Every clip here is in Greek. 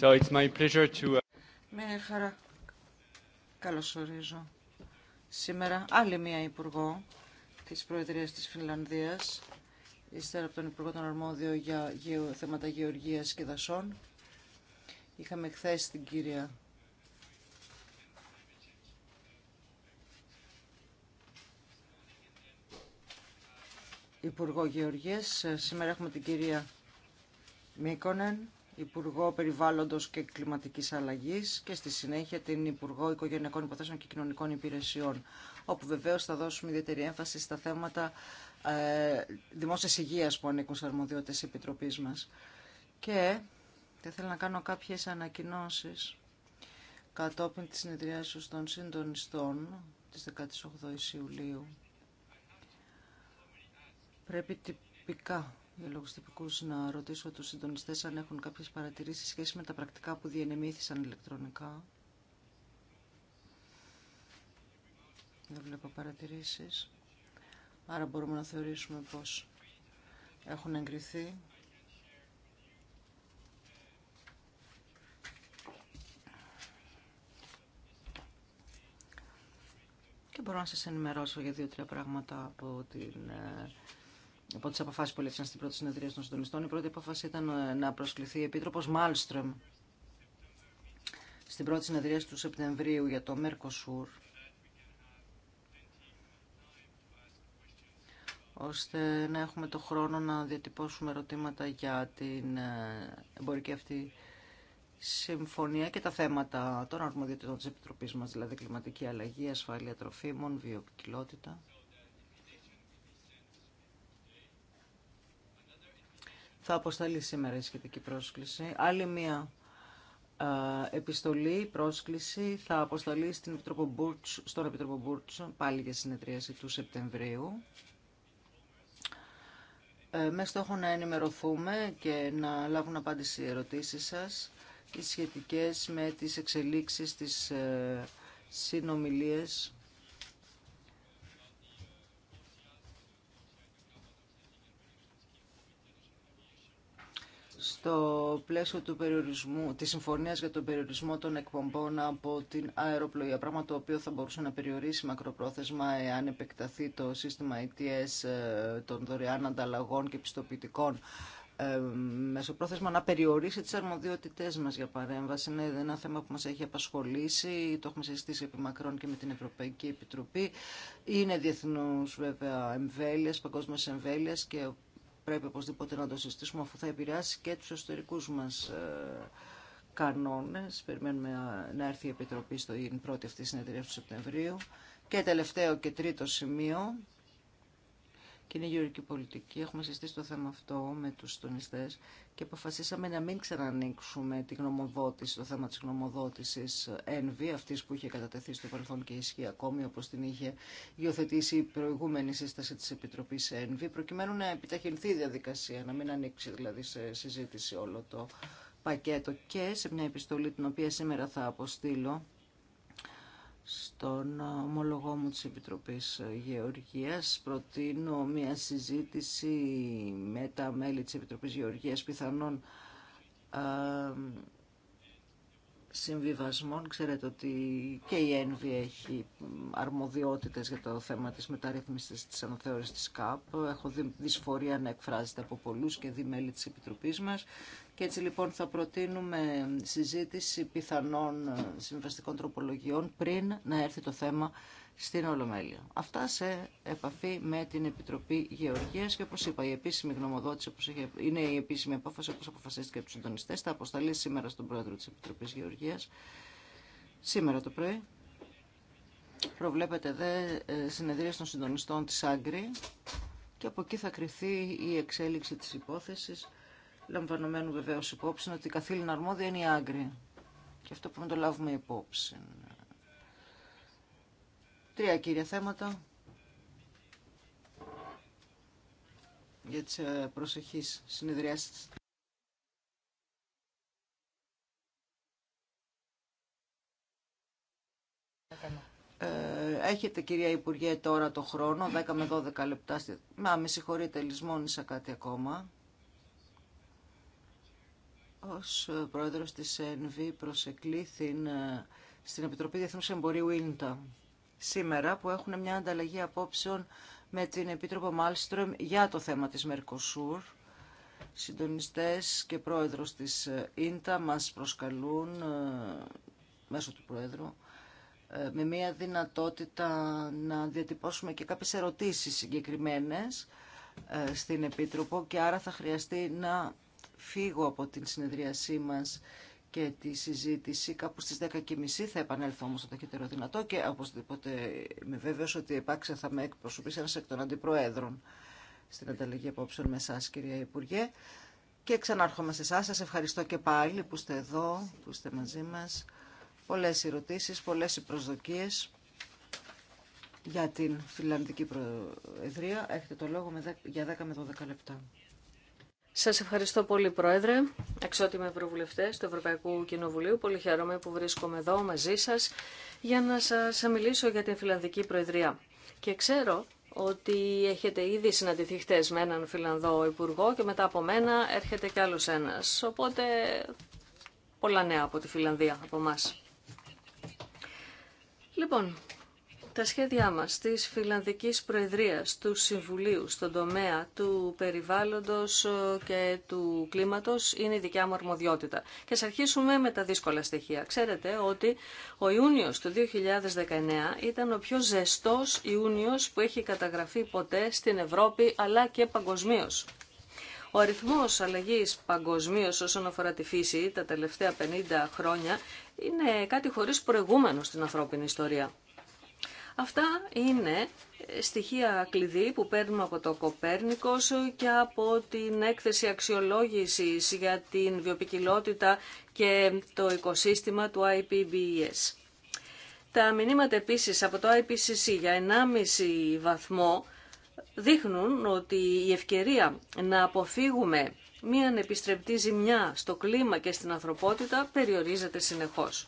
So it's my pleasure to... Uh, Με χαρά καλωσορίζω σήμερα άλλη μία υπουργό της Προεδρίας της Φινλανδίας, ύστερα από τον Υπουργό των Αρμόδιο για θέματα γεωργίας και δασών. Είχαμε χθε την κυρία Υπουργό Γεωργίας. Σήμερα έχουμε την κυρία Μίκονεν Υπουργό Περιβάλλοντος και Κλιματικής Αλλαγής και στη συνέχεια την Υπουργό Οικογενειακών Υποθέσεων και Κοινωνικών Υπηρεσιών, όπου βεβαίως θα δώσουμε ιδιαίτερη έμφαση στα θέματα ε, δημόσιας υγείας που ανήκουν στις αρμοδιότητες Επιτροπής μας. Και θα ήθελα να κάνω κάποιες ανακοινώσεις κατόπιν της συνεδριάσεως των συντονιστών της 18 Ιουλίου. Πρέπει τυπικά για λόγους τυπικούς να ρωτήσω τους συντονιστές αν έχουν κάποιες παρατηρήσεις σχέση με τα πρακτικά που διενεμήθησαν ηλεκτρονικά. Δεν βλέπω παρατηρήσεις. Άρα μπορούμε να θεωρήσουμε πως έχουν εγκριθεί. Και μπορώ να σας ενημερώσω για δύο-τρία πράγματα από την ε, από τι αποφάσει που έλεγχαν στην πρώτη συνεδρία των συντονιστών. Η πρώτη απόφαση ήταν ε, να προσκληθεί η Επίτροπος Μάλστρομ στην πρώτη συνεδρία του Σεπτεμβρίου για το Mercosur ώστε να έχουμε το χρόνο να διατυπώσουμε ερωτήματα για την ε, εμπορική αυτή συμφωνία και τα θέματα των αρμοδιοτήτων της Επιτροπής μας, δηλαδή κλιματική αλλαγή, ασφάλεια τροφίμων, βιοποικιλότητα. Θα αποσταλεί σήμερα η σχετική πρόσκληση. Άλλη μία ε, επιστολή, πρόσκληση θα αποσταλεί στην Επιτροπο στον Επιτροπο πάλι για συνεδρίαση του Σεπτεμβρίου. Ε, με στόχο να ενημερωθούμε και να λάβουν απάντηση οι ερωτήσεις σας οι σχετικές με τις εξελίξεις της ε, στο πλαίσιο του περιορισμού, της συμφωνίας για τον περιορισμό των εκπομπών από την αεροπλοία, πράγμα το οποίο θα μπορούσε να περιορίσει μακροπρόθεσμα εάν επεκταθεί το σύστημα ITS e ε, των δωρεάν ανταλλαγών και πιστοποιητικών ε, μεσοπρόθεσμα να περιορίσει τις αρμοδιότητές μας για παρέμβαση. Είναι ένα θέμα που μας έχει απασχολήσει, το έχουμε συζητήσει επί μακρόν και με την Ευρωπαϊκή Επιτροπή. Είναι διεθνούς βέβαια εμβέλειας, παγκόσμιας εμβέλειας και πρέπει οπωσδήποτε να το συστήσουμε αφού θα επηρεάσει και τους εσωτερικούς μας ε, κανόνες. Περιμένουμε ε, να έρθει η Επιτροπή στην πρώτη αυτή συνεδρία του Σεπτεμβρίου. Και τελευταίο και τρίτο σημείο κοινή γεωργική πολιτική. Έχουμε συζητήσει το θέμα αυτό με του τονιστέ και αποφασίσαμε να μην ξανανοίξουμε τη γνωμοδότηση, το θέμα τη γνωμοδότηση ΕΝΒ, αυτή που είχε κατατεθεί στο παρελθόν και ισχύει ακόμη, όπω την είχε υιοθετήσει η προηγούμενη σύσταση τη επιτροπή ΕΝΒ, προκειμένου να επιταχυνθεί η διαδικασία, να μην ανοίξει δηλαδή σε συζήτηση όλο το πακέτο και σε μια επιστολή την οποία σήμερα θα αποστείλω στον ομολογό μου της Επιτροπής Γεωργίας. Προτείνω μια συζήτηση με τα μέλη της Επιτροπής Γεωργίας πιθανών ε, συμβιβασμών. Ξέρετε ότι και η ΕΝΒΙ έχει αρμοδιότητες για το θέμα της μεταρρύθμισης της ανοθεώρησης της ΚΑΠ. Έχω δει δυσφορία να εκφράζεται από πολλούς και δει μέλη της Επιτροπής μας. Και έτσι λοιπόν θα προτείνουμε συζήτηση πιθανών ε, συμβαστικών τροπολογιών πριν να έρθει το θέμα στην Ολομέλεια. Αυτά σε επαφή με την Επιτροπή Γεωργίας και όπως είπα η επίσημη γνωμοδότηση όπως είχε, είναι η επίσημη απόφαση όπως αποφασίστηκε από τους συντονιστές θα αποσταλεί σήμερα στον Πρόεδρο της Επιτροπής Γεωργίας σήμερα το πρωί. Προβλέπεται δε ε, συνεδρία των συντονιστών της Άγκρη και από εκεί θα κριθεί η εξέλιξη της υπόθεσης λαμβανομένου βεβαίω υπόψη ότι η καθήλυνα αρμόδια είναι η άγκρη. Και αυτό πρέπει να το λάβουμε υπόψη. Τρία κύρια θέματα για τις ε, προσεχείς συνεδριάσεις. Ε, έχετε κυρία Υπουργέ τώρα το χρόνο, 10 με 12 λεπτά. Μα με συγχωρείτε, λησμόνισα κάτι ακόμα. Ως πρόεδρος της ΕΝΒ προσεκλήθην ε, στην Επιτροπή Διεθνούς Εμπορίου Ίντα σήμερα που έχουν μια ανταλλαγή απόψεων με την Επίτροπο Μάλστρομ για το θέμα της Μερκοσούρ. Συντονιστές και πρόεδρος της Ίντα μας προσκαλούν ε, μέσω του Πρόεδρου ε, με μια δυνατότητα να διατυπώσουμε και κάποιες ερωτήσεις συγκεκριμένες στην Επίτροπο και άρα θα χρειαστεί να φύγω από την συνεδρίασή μας και τη συζήτηση. Κάπου στις 10.30 θα επανέλθω όμως το ταχύτερο δυνατό και οπωσδήποτε είμαι βέβαιος ότι επάξια θα με εκπροσωπήσει ένας εκ των αντιπροέδρων στην ανταλλαγή απόψεων με εσάς κυρία Υπουργέ. Και ξανάρχομαι σε εσάς. Σας ευχαριστώ και πάλι που είστε εδώ, που είστε μαζί μας. Πολλές ερωτήσει, πολλές οι προσδοκίες για την Φιλανδική Προεδρία. Έχετε το λόγο για 10 με 12 λεπτά. Σας ευχαριστώ πολύ Πρόεδρε, αξιότιμοι ευρωβουλευτέ του Ευρωπαϊκού Κοινοβουλίου. Πολύ χαίρομαι που βρίσκομαι εδώ μαζί σας για να σας μιλήσω για την Φιλανδική Προεδρία. Και ξέρω ότι έχετε ήδη συναντηθεί με έναν Φιλανδό Υπουργό και μετά από μένα έρχεται κι άλλο ένας. Οπότε πολλά νέα από τη Φιλανδία, από εμά. Λοιπόν, τα σχέδιά μας της Φιλανδικής Προεδρίας του Συμβουλίου στον τομέα του περιβάλλοντος ε, και του κλίματος είναι η δικιά μου αρμοδιότητα. Και ας αρχίσουμε με τα δύσκολα στοιχεία. Ξέρετε ότι ο Ιούνιος του 2019 ήταν ο πιο ζεστός Ιούνιος που έχει καταγραφεί ποτέ στην Ευρώπη αλλά και παγκοσμίω. Ο αριθμός αλλαγής παγκοσμίω όσον αφορά τη φύση τα τελευταία 50 χρόνια είναι κάτι χωρίς προηγούμενο στην ανθρώπινη ιστορία. Αυτά είναι στοιχεία κλειδί που παίρνουμε από το Κοπέρνικος και από την έκθεση αξιολόγησης για την βιοπικιλότητα και το οικοσύστημα του IPBES. Τα μηνύματα επίσης από το IPCC για 1,5 βαθμό δείχνουν ότι η ευκαιρία να αποφύγουμε μία ανεπιστρεπτή ζημιά στο κλίμα και στην ανθρωπότητα περιορίζεται συνεχώς.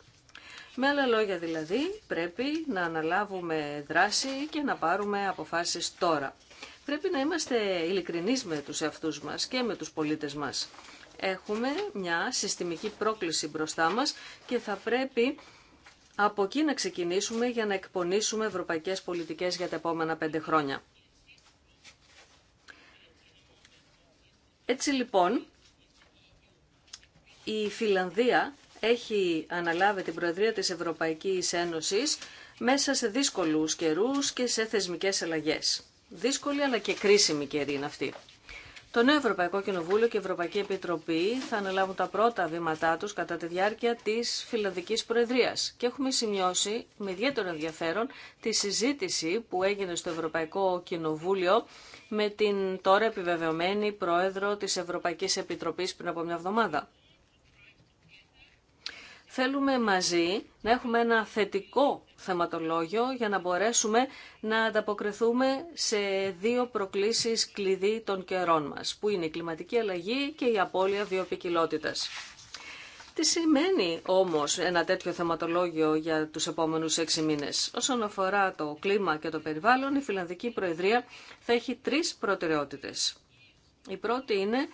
Με άλλα λόγια δηλαδή πρέπει να αναλάβουμε δράση και να πάρουμε αποφάσεις τώρα. Πρέπει να είμαστε ειλικρινεί με τους εαυτούς μας και με τους πολίτες μας. Έχουμε μια συστημική πρόκληση μπροστά μας και θα πρέπει από εκεί να ξεκινήσουμε για να εκπονήσουμε ευρωπαϊκές πολιτικές για τα επόμενα πέντε χρόνια. Έτσι λοιπόν, η Φιλανδία έχει αναλάβει την Προεδρία της Ευρωπαϊκής Ένωσης μέσα σε δύσκολους καιρούς και σε θεσμικές αλλαγές. Δύσκολη αλλά και κρίσιμη καιρή είναι αυτή. Το νέο Ευρωπαϊκό Κοινοβούλιο και η Ευρωπαϊκή Επιτροπή θα αναλάβουν τα πρώτα βήματά τους κατά τη διάρκεια της Φιλανδικής Προεδρίας και έχουμε σημειώσει με ιδιαίτερο ενδιαφέρον τη συζήτηση που έγινε στο Ευρωπαϊκό Κοινοβούλιο με την τώρα επιβεβαιωμένη Πρόεδρο της Ευρωπαϊκής Επιτροπής πριν από μια εβδομάδα θέλουμε μαζί να έχουμε ένα θετικό θεματολόγιο για να μπορέσουμε να ανταποκριθούμε σε δύο προκλήσεις κλειδί των καιρών μας, που είναι η κλιματική αλλαγή και η απώλεια βιοπικιλότητας. Τι σημαίνει όμως ένα τέτοιο θεματολόγιο για τους επόμενους έξι μήνες. Όσον αφορά το κλίμα και το περιβάλλον, η Φιλανδική Προεδρία θα έχει τρεις προτεραιότητες. Η πρώτη είναι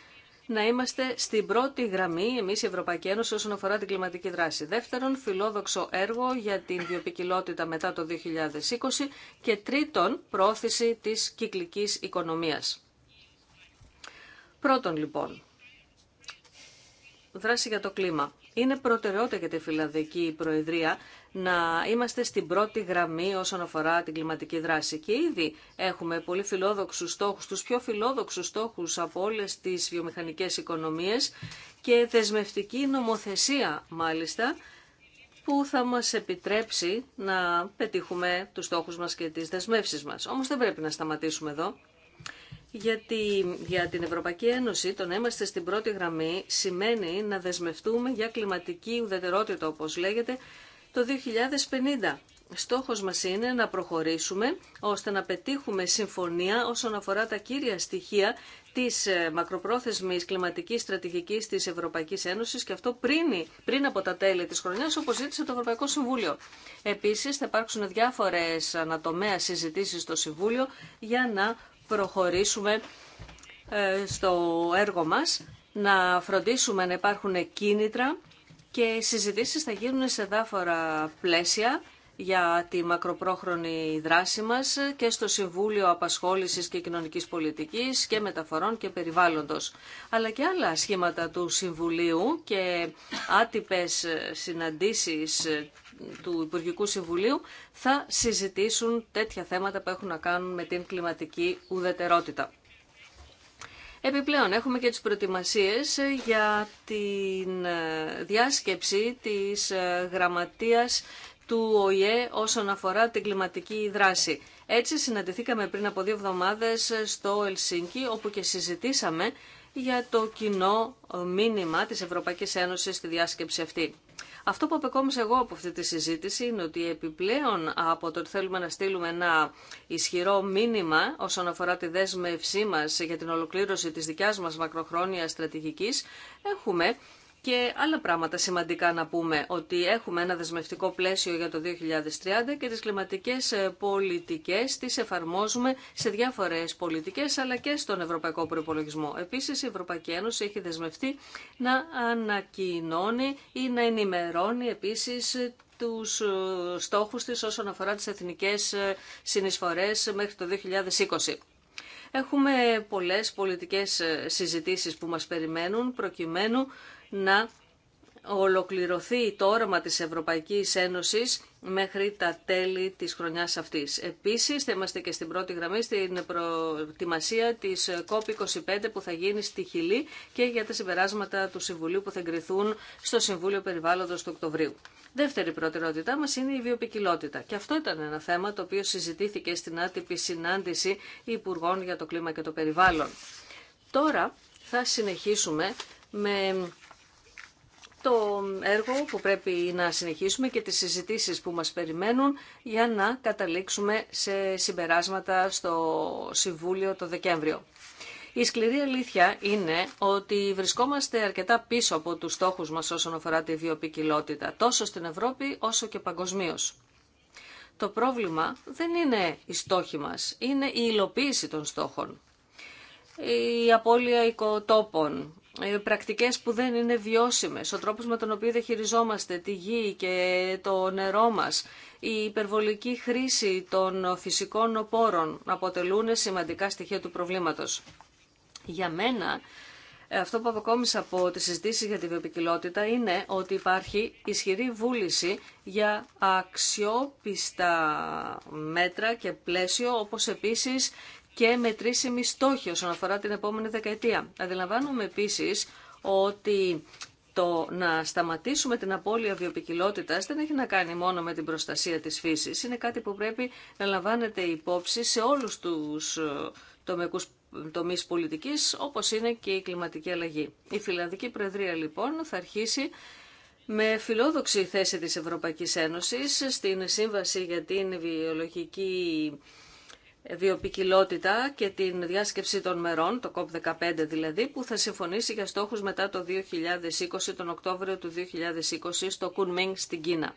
να είμαστε στην πρώτη γραμμή, εμείς η Ευρωπαϊκή Ένωση, όσον αφορά την κλιματική δράση. Δεύτερον, φιλόδοξο έργο για την βιοπικιλότητα μετά το 2020 και τρίτον, πρόθεση της κυκλικής οικονομίας. Πρώτον, λοιπόν, δράση για το κλίμα. Είναι προτεραιότητα για τη Φιλανδική Προεδρία να είμαστε στην πρώτη γραμμή όσον αφορά την κλιματική δράση. Και ήδη έχουμε πολύ φιλόδοξους στόχους, τους πιο φιλόδοξους στόχους από όλες τις βιομηχανικές οικονομίες και δεσμευτική νομοθεσία μάλιστα που θα μας επιτρέψει να πετύχουμε τους στόχους μας και τις δεσμεύσεις μας. Όμως δεν πρέπει να σταματήσουμε εδώ γιατί για την Ευρωπαϊκή Ένωση το να είμαστε στην πρώτη γραμμή σημαίνει να δεσμευτούμε για κλιματική ουδετερότητα, όπως λέγεται, το 2050. Στόχος μας είναι να προχωρήσουμε ώστε να πετύχουμε συμφωνία όσον αφορά τα κύρια στοιχεία της ε, μακροπρόθεσμης κλιματικής στρατηγικής της Ευρωπαϊκής Ένωσης και αυτό πριν, πριν από τα τέλη της χρονιάς όπως ζήτησε το Ευρωπαϊκό Συμβούλιο. Επίσης θα υπάρξουν διάφορες ανατομέα συζητήσεις στο Συμβούλιο για να προχωρήσουμε ε, στο έργο μας, να φροντίσουμε να υπάρχουν κίνητρα και οι συζητήσεις θα γίνουν σε διάφορα πλαίσια για τη μακροπρόχρονη δράση μας και στο Συμβούλιο Απασχόλησης και Κοινωνικής Πολιτικής και Μεταφορών και Περιβάλλοντος, αλλά και άλλα σχήματα του Συμβουλίου και άτυπες συναντήσεις του Υπουργικού Συμβουλίου θα συζητήσουν τέτοια θέματα που έχουν να κάνουν με την κλιματική ουδετερότητα. Επιπλέον έχουμε και τις προετοιμασίες για την ε, διάσκεψη της ε, γραμματείας του ΟΗΕ όσον αφορά την κλιματική δράση. Έτσι συναντηθήκαμε πριν από δύο εβδομάδες στο Ελσίνκι όπου και συζητήσαμε για το κοινό μήνυμα της Ευρωπαϊκής Ένωσης στη διάσκεψη αυτή. Αυτό που απεκόμισα εγώ από αυτή τη συζήτηση είναι ότι επιπλέον από το ότι θέλουμε να στείλουμε ένα ισχυρό μήνυμα όσον αφορά τη δέσμευσή μας για την ολοκλήρωση της δικιάς μας μακροχρόνιας στρατηγικής, έχουμε και άλλα πράγματα σημαντικά να πούμε, ότι έχουμε ένα δεσμευτικό πλαίσιο για το 2030 και τις κλιματικές ε, πολιτικές τις εφαρμόζουμε σε διάφορες πολιτικές αλλά και στον Ευρωπαϊκό Προπολογισμό. Επίσης η Ευρωπαϊκή Ένωση έχει δεσμευτεί να ανακοινώνει ή να ενημερώνει επίσης ε, τους ε, στόχους της όσον αφορά τις εθνικές συνεισφορές μέχρι το 2020. Έχουμε πολλές πολιτικές συζητήσεις που μας περιμένουν προκειμένου να ολοκληρωθεί το όραμα της Ευρωπαϊκής Ένωσης μέχρι τα τέλη της χρονιάς αυτής. Επίσης θα είμαστε και στην πρώτη γραμμή στην προετοιμασία της COP25 που θα γίνει στη Χιλή και για τα συμπεράσματα του Συμβουλίου που θα εγκριθούν στο Συμβούλιο Περιβάλλοντος του Οκτωβρίου. Δεύτερη προτεραιότητά μας είναι η βιοπικιλότητα και αυτό ήταν ένα θέμα το οποίο συζητήθηκε στην άτυπη συνάντηση Υπουργών για το Κλίμα και το Περιβάλλον. Τώρα θα συνεχίσουμε με το έργο που πρέπει να συνεχίσουμε και τις συζητήσεις που μας περιμένουν για να καταλήξουμε σε συμπεράσματα στο Συμβούλιο το Δεκέμβριο. Η σκληρή αλήθεια είναι ότι βρισκόμαστε αρκετά πίσω από τους στόχους μας όσον αφορά τη βιοπικιλότητα, τόσο στην Ευρώπη όσο και παγκοσμίω. Το πρόβλημα δεν είναι οι στόχοι μας, είναι η υλοποίηση των στόχων. Η απώλεια οικοτόπων, ε, πρακτικές που δεν είναι βιώσιμες, ο τρόπος με τον οποίο διαχειριζόμαστε τη γη και το νερό μας, η υπερβολική χρήση των φυσικών όπορων αποτελούν σημαντικά στοιχεία του προβλήματος. Για μένα, ε, αυτό που αποκόμισα από τις συζητήσεις για τη βιοπικιλότητα είναι ότι υπάρχει ισχυρή βούληση για αξιόπιστα μέτρα και πλαίσιο, όπως επίσης και μετρήσιμη στόχη όσον αφορά την επόμενη δεκαετία. Αντιλαμβάνουμε επίσης ότι το να σταματήσουμε την απώλεια βιοπικιλότητας δεν έχει να κάνει μόνο με την προστασία της φύσης. Είναι κάτι που πρέπει να λαμβάνεται υπόψη σε όλους τους ε, τομεκούς τομείς πολιτικής, όπως είναι και η κλιματική αλλαγή. Η Φιλανδική Προεδρία λοιπόν θα αρχίσει με φιλόδοξη θέση της Ευρωπαϊκής Ένωσης στην Σύμβαση για την Βιολογική βιοπικιλότητα και την διάσκεψη των μερών, το COP15 δηλαδή, που θα συμφωνήσει για στόχους μετά το 2020, τον Οκτώβριο του 2020, στο Kunming στην Κίνα.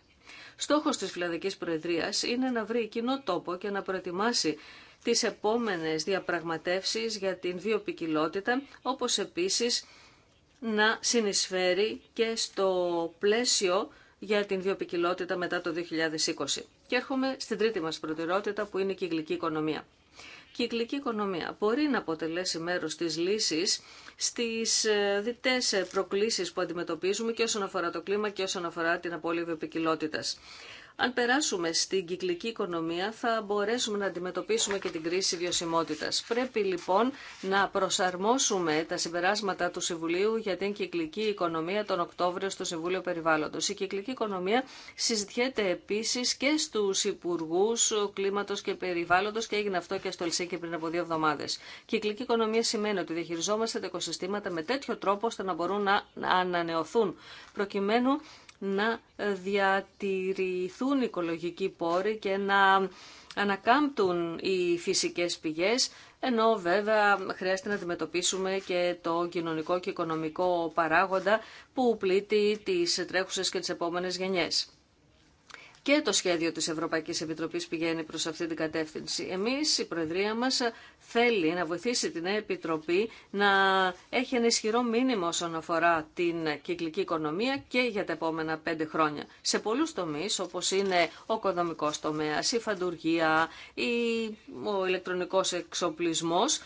Στόχος της Φιλανδικής Προεδρίας είναι να βρει κοινό τόπο και να προετοιμάσει τις επόμενες διαπραγματεύσεις για την βιοπικιλότητα, όπως επίσης να συνεισφέρει και στο πλαίσιο για την βιοπικιλότητα μετά το 2020. Και έρχομαι στην τρίτη μας προτεραιότητα που είναι η κυκλική οικονομία. Η κυκλική οικονομία μπορεί να αποτελέσει μέρος της λύσης στις ε, διτές ε, προκλήσεις που αντιμετωπίζουμε και όσον αφορά το κλίμα και όσον αφορά την απόλυτη επικοινότητας. Αν περάσουμε στην κυκλική οικονομία θα μπορέσουμε να αντιμετωπίσουμε και την κρίση βιωσιμότητα. Πρέπει λοιπόν να προσαρμόσουμε τα συμπεράσματα του Συμβουλίου για την κυκλική οικονομία τον Οκτώβριο στο Συμβούλιο Περιβάλλοντο. Η κυκλική οικονομία συζητιέται επίση και στου υπουργού κλίματο και περιβάλλοντο και έγινε αυτό και στο Ελσίκη πριν από δύο εβδομάδε. Κυκλική οικονομία σημαίνει ότι διαχειριζόμαστε τα οικοσυστήματα με τέτοιο τρόπο ώστε να μπορούν να ανανεωθούν προκειμένου να διατηρηθούν οικολογικοί πόροι και να ανακάμπτουν οι φυσικές πηγές, ενώ βέβαια χρειάζεται να αντιμετωπίσουμε και το κοινωνικό και οικονομικό παράγοντα που πλήττει τις τρέχουσες και τις επόμενες γενιές και το σχέδιο της Ευρωπαϊκής Επιτροπής πηγαίνει προς αυτή την κατεύθυνση. Εμείς, η Προεδρία μας θέλει να βοηθήσει την Επιτροπή να έχει ένα ισχυρό μήνυμα όσον αφορά την κυκλική οικονομία και για τα επόμενα πέντε χρόνια. Σε πολλούς τομείς, όπως είναι ο οικοδομικός τομέας, η φαντουργία, η... ο ηλεκτρονικός εξοπλισμός,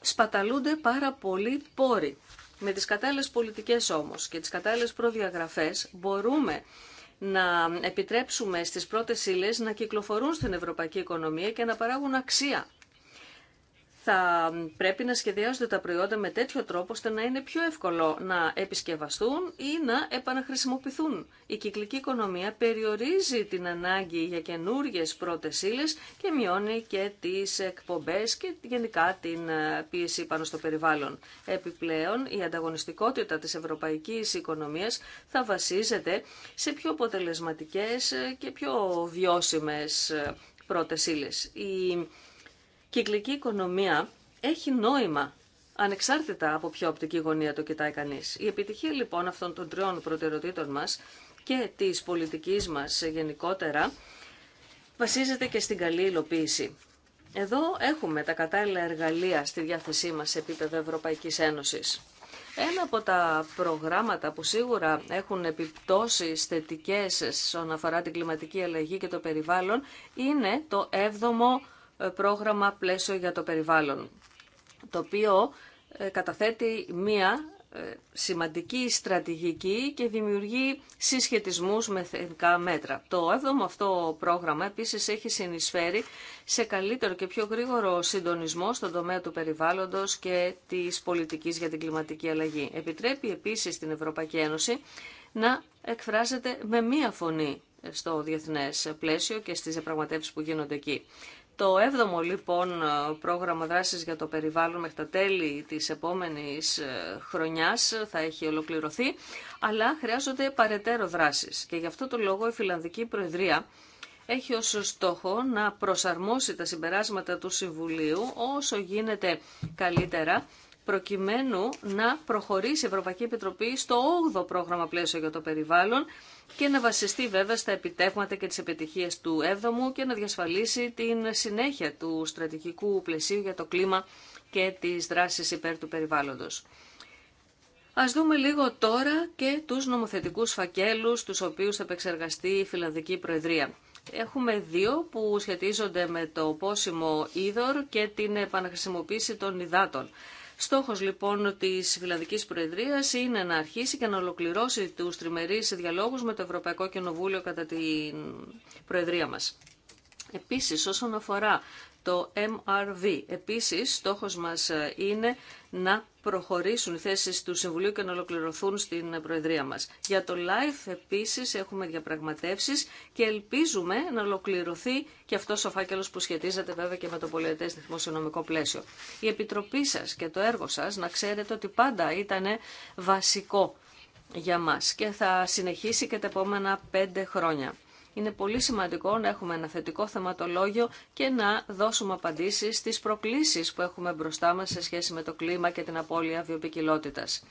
σπαταλούνται πάρα πολλοί πόροι. Με τις κατάλληλες πολιτικές όμως και τις κατάλληλες προδιαγραφές μπορούμε να επιτρέψουμε στις πρώτες ύλες να κυκλοφορούν στην ευρωπαϊκή οικονομία και να παράγουν αξία θα πρέπει να σχεδιάζονται τα προϊόντα με τέτοιο τρόπο ώστε να είναι πιο εύκολο να επισκευαστούν ή να επαναχρησιμοποιηθούν. Η κυκλική οικονομία περιορίζει την ανάγκη για καινούριε πρώτε ύλε και μειώνει και τι εκπομπέ και γενικά την ε, πίεση πάνω στο περιβάλλον. Επιπλέον, η ανταγωνιστικότητα τη ευρωπαϊκή οικονομία θα βασίζεται σε πιο αποτελεσματικέ και πιο βιώσιμε ε, πρώτε ύλε κυκλική οικονομία έχει νόημα ανεξάρτητα από ποια οπτική γωνία το κοιτάει κανεί. Η επιτυχία λοιπόν αυτών των τριών προτεραιοτήτων μα και τη πολιτική μα γενικότερα βασίζεται και στην καλή υλοποίηση. Εδώ έχουμε τα κατάλληλα εργαλεία στη διάθεσή μας σε επίπεδο Ευρωπαϊκής Ένωσης. Ένα από τα προγράμματα που σίγουρα έχουν επιπτώσει θετικέ όσον αφορά την κλιματική αλλαγή και το περιβάλλον είναι το 7ο πρόγραμμα πλαίσιο για το περιβάλλον, το οποίο ε, καταθέτει μία ε, σημαντική στρατηγική και δημιουργεί συσχετισμούς με θετικά μέτρα. Το έβδομο αυτό πρόγραμμα επίσης έχει συνεισφέρει σε καλύτερο και πιο γρήγορο συντονισμό στον τομέα του περιβάλλοντος και της πολιτικής για την κλιματική αλλαγή. Επιτρέπει επίσης την Ευρωπαϊκή Ένωση να εκφράζεται με μία φωνή στο διεθνές πλαίσιο και στις διαπραγματεύσεις που γίνονται εκεί. Το 7ο λοιπόν ε, πρόγραμμα δράσης για το περιβάλλον μέχρι τα τέλη της επόμενης ε, χρονιάς ε, θα έχει ολοκληρωθεί, αλλά χρειάζονται παρετέρω δράσεις. Και γι' αυτό το λόγο η Φιλανδική Προεδρία έχει ως στόχο να προσαρμόσει τα συμπεράσματα του Συμβουλίου όσο γίνεται καλύτερα προκειμένου να προχωρήσει η Ευρωπαϊκή Επιτροπή στο 8ο πρόγραμμα πλαίσιο για το περιβάλλον και να βασιστεί βέβαια στα επιτεύγματα και τις επιτυχίες του 7ου και να διασφαλίσει την συνέχεια του στρατηγικού πλαισίου για το κλίμα και τις δράσεις υπέρ του περιβάλλοντος. Ας δούμε λίγο τώρα και τους νομοθετικούς φακέλους, τους οποίους θα επεξεργαστεί η Φιλανδική Προεδρία. Έχουμε δύο που σχετίζονται με το πόσιμο είδωρ και την επαναχρησιμοποίηση των υδάτων. Στόχος λοιπόν της Φιλανδικής Προεδρίας είναι να αρχίσει και να ολοκληρώσει του τριμερεί διαλόγους με το Ευρωπαϊκό Κοινοβούλιο κατά την Προεδρία μας. Επίσης, όσον αφορά το MRV. Επίσης, στόχος μας ε, είναι να προχωρήσουν οι θέσεις του Συμβουλίου και να ολοκληρωθούν στην Προεδρία μας. Για το LIFE, επίσης, έχουμε διαπραγματεύσεις και ελπίζουμε να ολοκληρωθεί και αυτός ο φάκελος που σχετίζεται βέβαια και με το πολιετές δημοσιονομικό πλαίσιο. Η Επιτροπή σας και το έργο σας, να ξέρετε ότι πάντα ήταν βασικό για μας και θα συνεχίσει και τα επόμενα πέντε χρόνια. Είναι πολύ σημαντικό να έχουμε ένα θετικό θεματολόγιο και να δώσουμε απαντήσεις στις προκλήσεις που έχουμε μπροστά μας σε σχέση με το κλίμα και την απώλεια βιοπικιλότητας.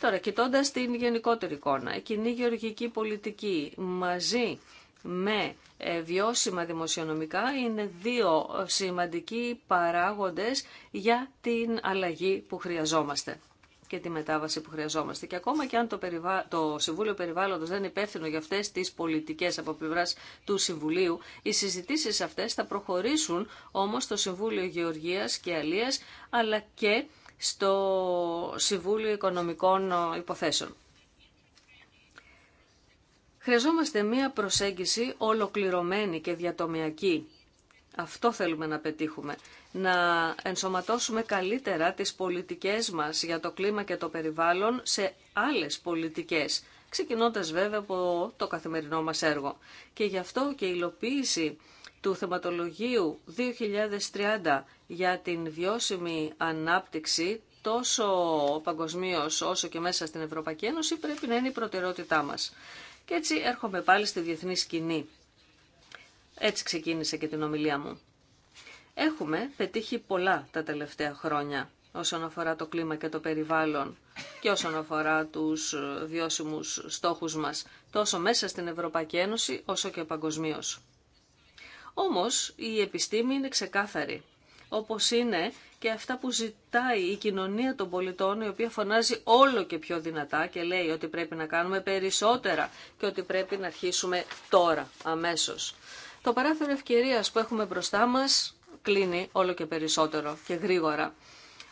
Τώρα, κοιτώντα την γενικότερη εικόνα, η κοινή γεωργική πολιτική μαζί με ε, βιώσιμα δημοσιονομικά είναι δύο ε, σημαντικοί παράγοντες για την αλλαγή που χρειαζόμαστε και τη μετάβαση που χρειαζόμαστε. Και ακόμα και αν το, το Συμβούλιο Περιβάλλοντος δεν είναι υπεύθυνο για αυτές τις πολιτικές από πλευρά του Συμβουλίου, οι συζητήσεις αυτές θα προχωρήσουν όμως στο Συμβούλιο Γεωργίας και Αλίας, αλλά και στο Συμβούλιο Οικονομικών Υποθέσεων. Χρειαζόμαστε μία προσέγγιση ολοκληρωμένη και διατομιακή αυτό θέλουμε να πετύχουμε. Να ενσωματώσουμε καλύτερα τις πολιτικές μας για το κλίμα και το περιβάλλον σε άλλες πολιτικές, ξεκινώντας βέβαια από το καθημερινό μας έργο. Και γι' αυτό και η υλοποίηση του θεματολογίου 2030 για την βιώσιμη ανάπτυξη τόσο παγκοσμίω όσο και μέσα στην Ευρωπαϊκή Ένωση πρέπει να είναι η προτεραιότητά μας. Και έτσι έρχομαι πάλι στη διεθνή σκηνή. Έτσι ξεκίνησε και την ομιλία μου. Έχουμε πετύχει πολλά τα τελευταία χρόνια όσον αφορά το κλίμα και το περιβάλλον και όσον αφορά τους ε, βιώσιμους στόχους μας, τόσο μέσα στην Ευρωπαϊκή Ένωση όσο και παγκοσμίω. Όμως η επιστήμη είναι ξεκάθαρη, όπως είναι και αυτά που ζητάει η κοινωνία των πολιτών, η οποία φωνάζει όλο και πιο δυνατά και λέει ότι πρέπει να κάνουμε περισσότερα και ότι πρέπει να αρχίσουμε τώρα, αμέσως. Το παράθυρο ευκαιρίας που έχουμε μπροστά μας κλείνει όλο και περισσότερο και γρήγορα.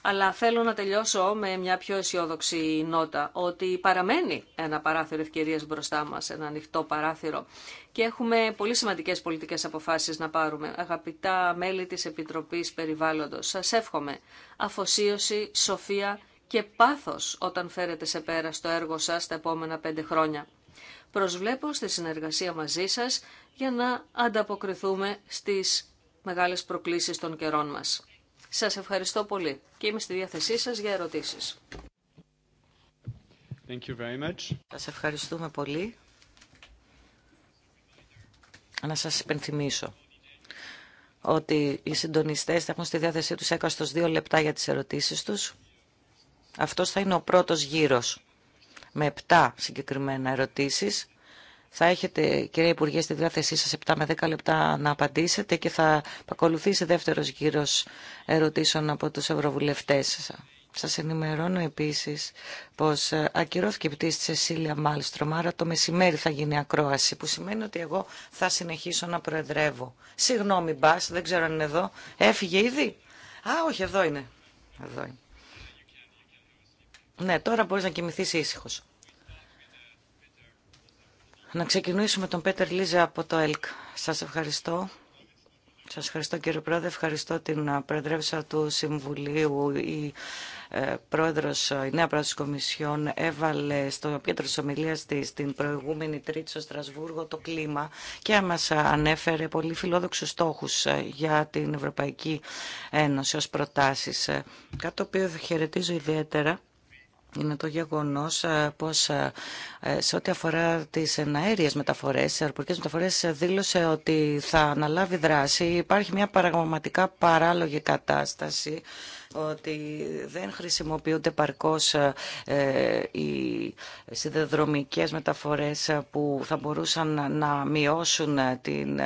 Αλλά θέλω να τελειώσω με μια πιο αισιόδοξη νότα, ότι παραμένει ένα παράθυρο ευκαιρία μπροστά μα, ένα ανοιχτό παράθυρο. Και έχουμε πολύ σημαντικέ πολιτικέ αποφάσει να πάρουμε. Αγαπητά μέλη τη Επιτροπή Περιβάλλοντο, σα εύχομαι αφοσίωση, σοφία και πάθο όταν φέρετε σε πέρα στο έργο σα τα επόμενα πέντε χρόνια. Προσβλέπω στη συνεργασία μαζί σας για να ανταποκριθούμε στις μεγάλες προκλήσεις των καιρών μας. Σας ευχαριστώ πολύ και είμαι στη διάθεσή σας για ερωτήσεις. Thank Σας ευχαριστούμε πολύ. Να σας υπενθυμίσω ότι οι συντονιστές θα έχουν στη διάθεσή τους έκαστος δύο λεπτά για τις ερωτήσεις τους. Αυτός θα είναι ο πρώτος γύρος με 7 συγκεκριμένα ερωτήσεις. Θα έχετε, κυρία Υπουργέ, στη διάθεσή σας 7 με 10 λεπτά να απαντήσετε και θα ακολουθήσει δεύτερος γύρος ερωτήσεων από τους ευρωβουλευτές. Σας ενημερώνω επίσης πως ε, ακυρώθηκε η πτήση της Εσίλια Μάλστρομ, άρα το μεσημέρι θα γίνει ακρόαση, που σημαίνει ότι εγώ θα συνεχίσω να προεδρεύω. Συγγνώμη, Μπάς, δεν ξέρω αν είναι εδώ. Έφυγε ήδη. Α, όχι, εδώ είναι. Εδώ είναι. Ναι, τώρα μπορείς να κοιμηθείς ήσυχο. Να ξεκινήσουμε τον Πέτερ Λίζε από το ΕΛΚ. Σας ευχαριστώ. Σας ευχαριστώ κύριε Πρόεδρε, ευχαριστώ την Προεδρεύουσα του Συμβουλίου. Η, ε, πρόεδρος, η νέα πρόεδρος Κομισιόν έβαλε στο κέντρο της ομιλίας της την προηγούμενη τρίτη στο Στρασβούργο το κλίμα και μας ανέφερε πολύ φιλόδοξους στόχους ε, για την Ευρωπαϊκή Ένωση ως προτάσεις. Ε, κάτι το οποίο χαιρετίζω ιδιαίτερα είναι το γεγονός ε, πως ε, σε ό,τι αφορά τις εναέριες μεταφορές, τις αεροπορικές μεταφορές ε, δήλωσε ότι θα αναλάβει δράση. Υπάρχει μια πραγματικά παράλογη κατάσταση ότι δεν χρησιμοποιούνται παρκώς οι σιδεδρομικές μεταφορές που θα μπορούσαν να μειώσουν την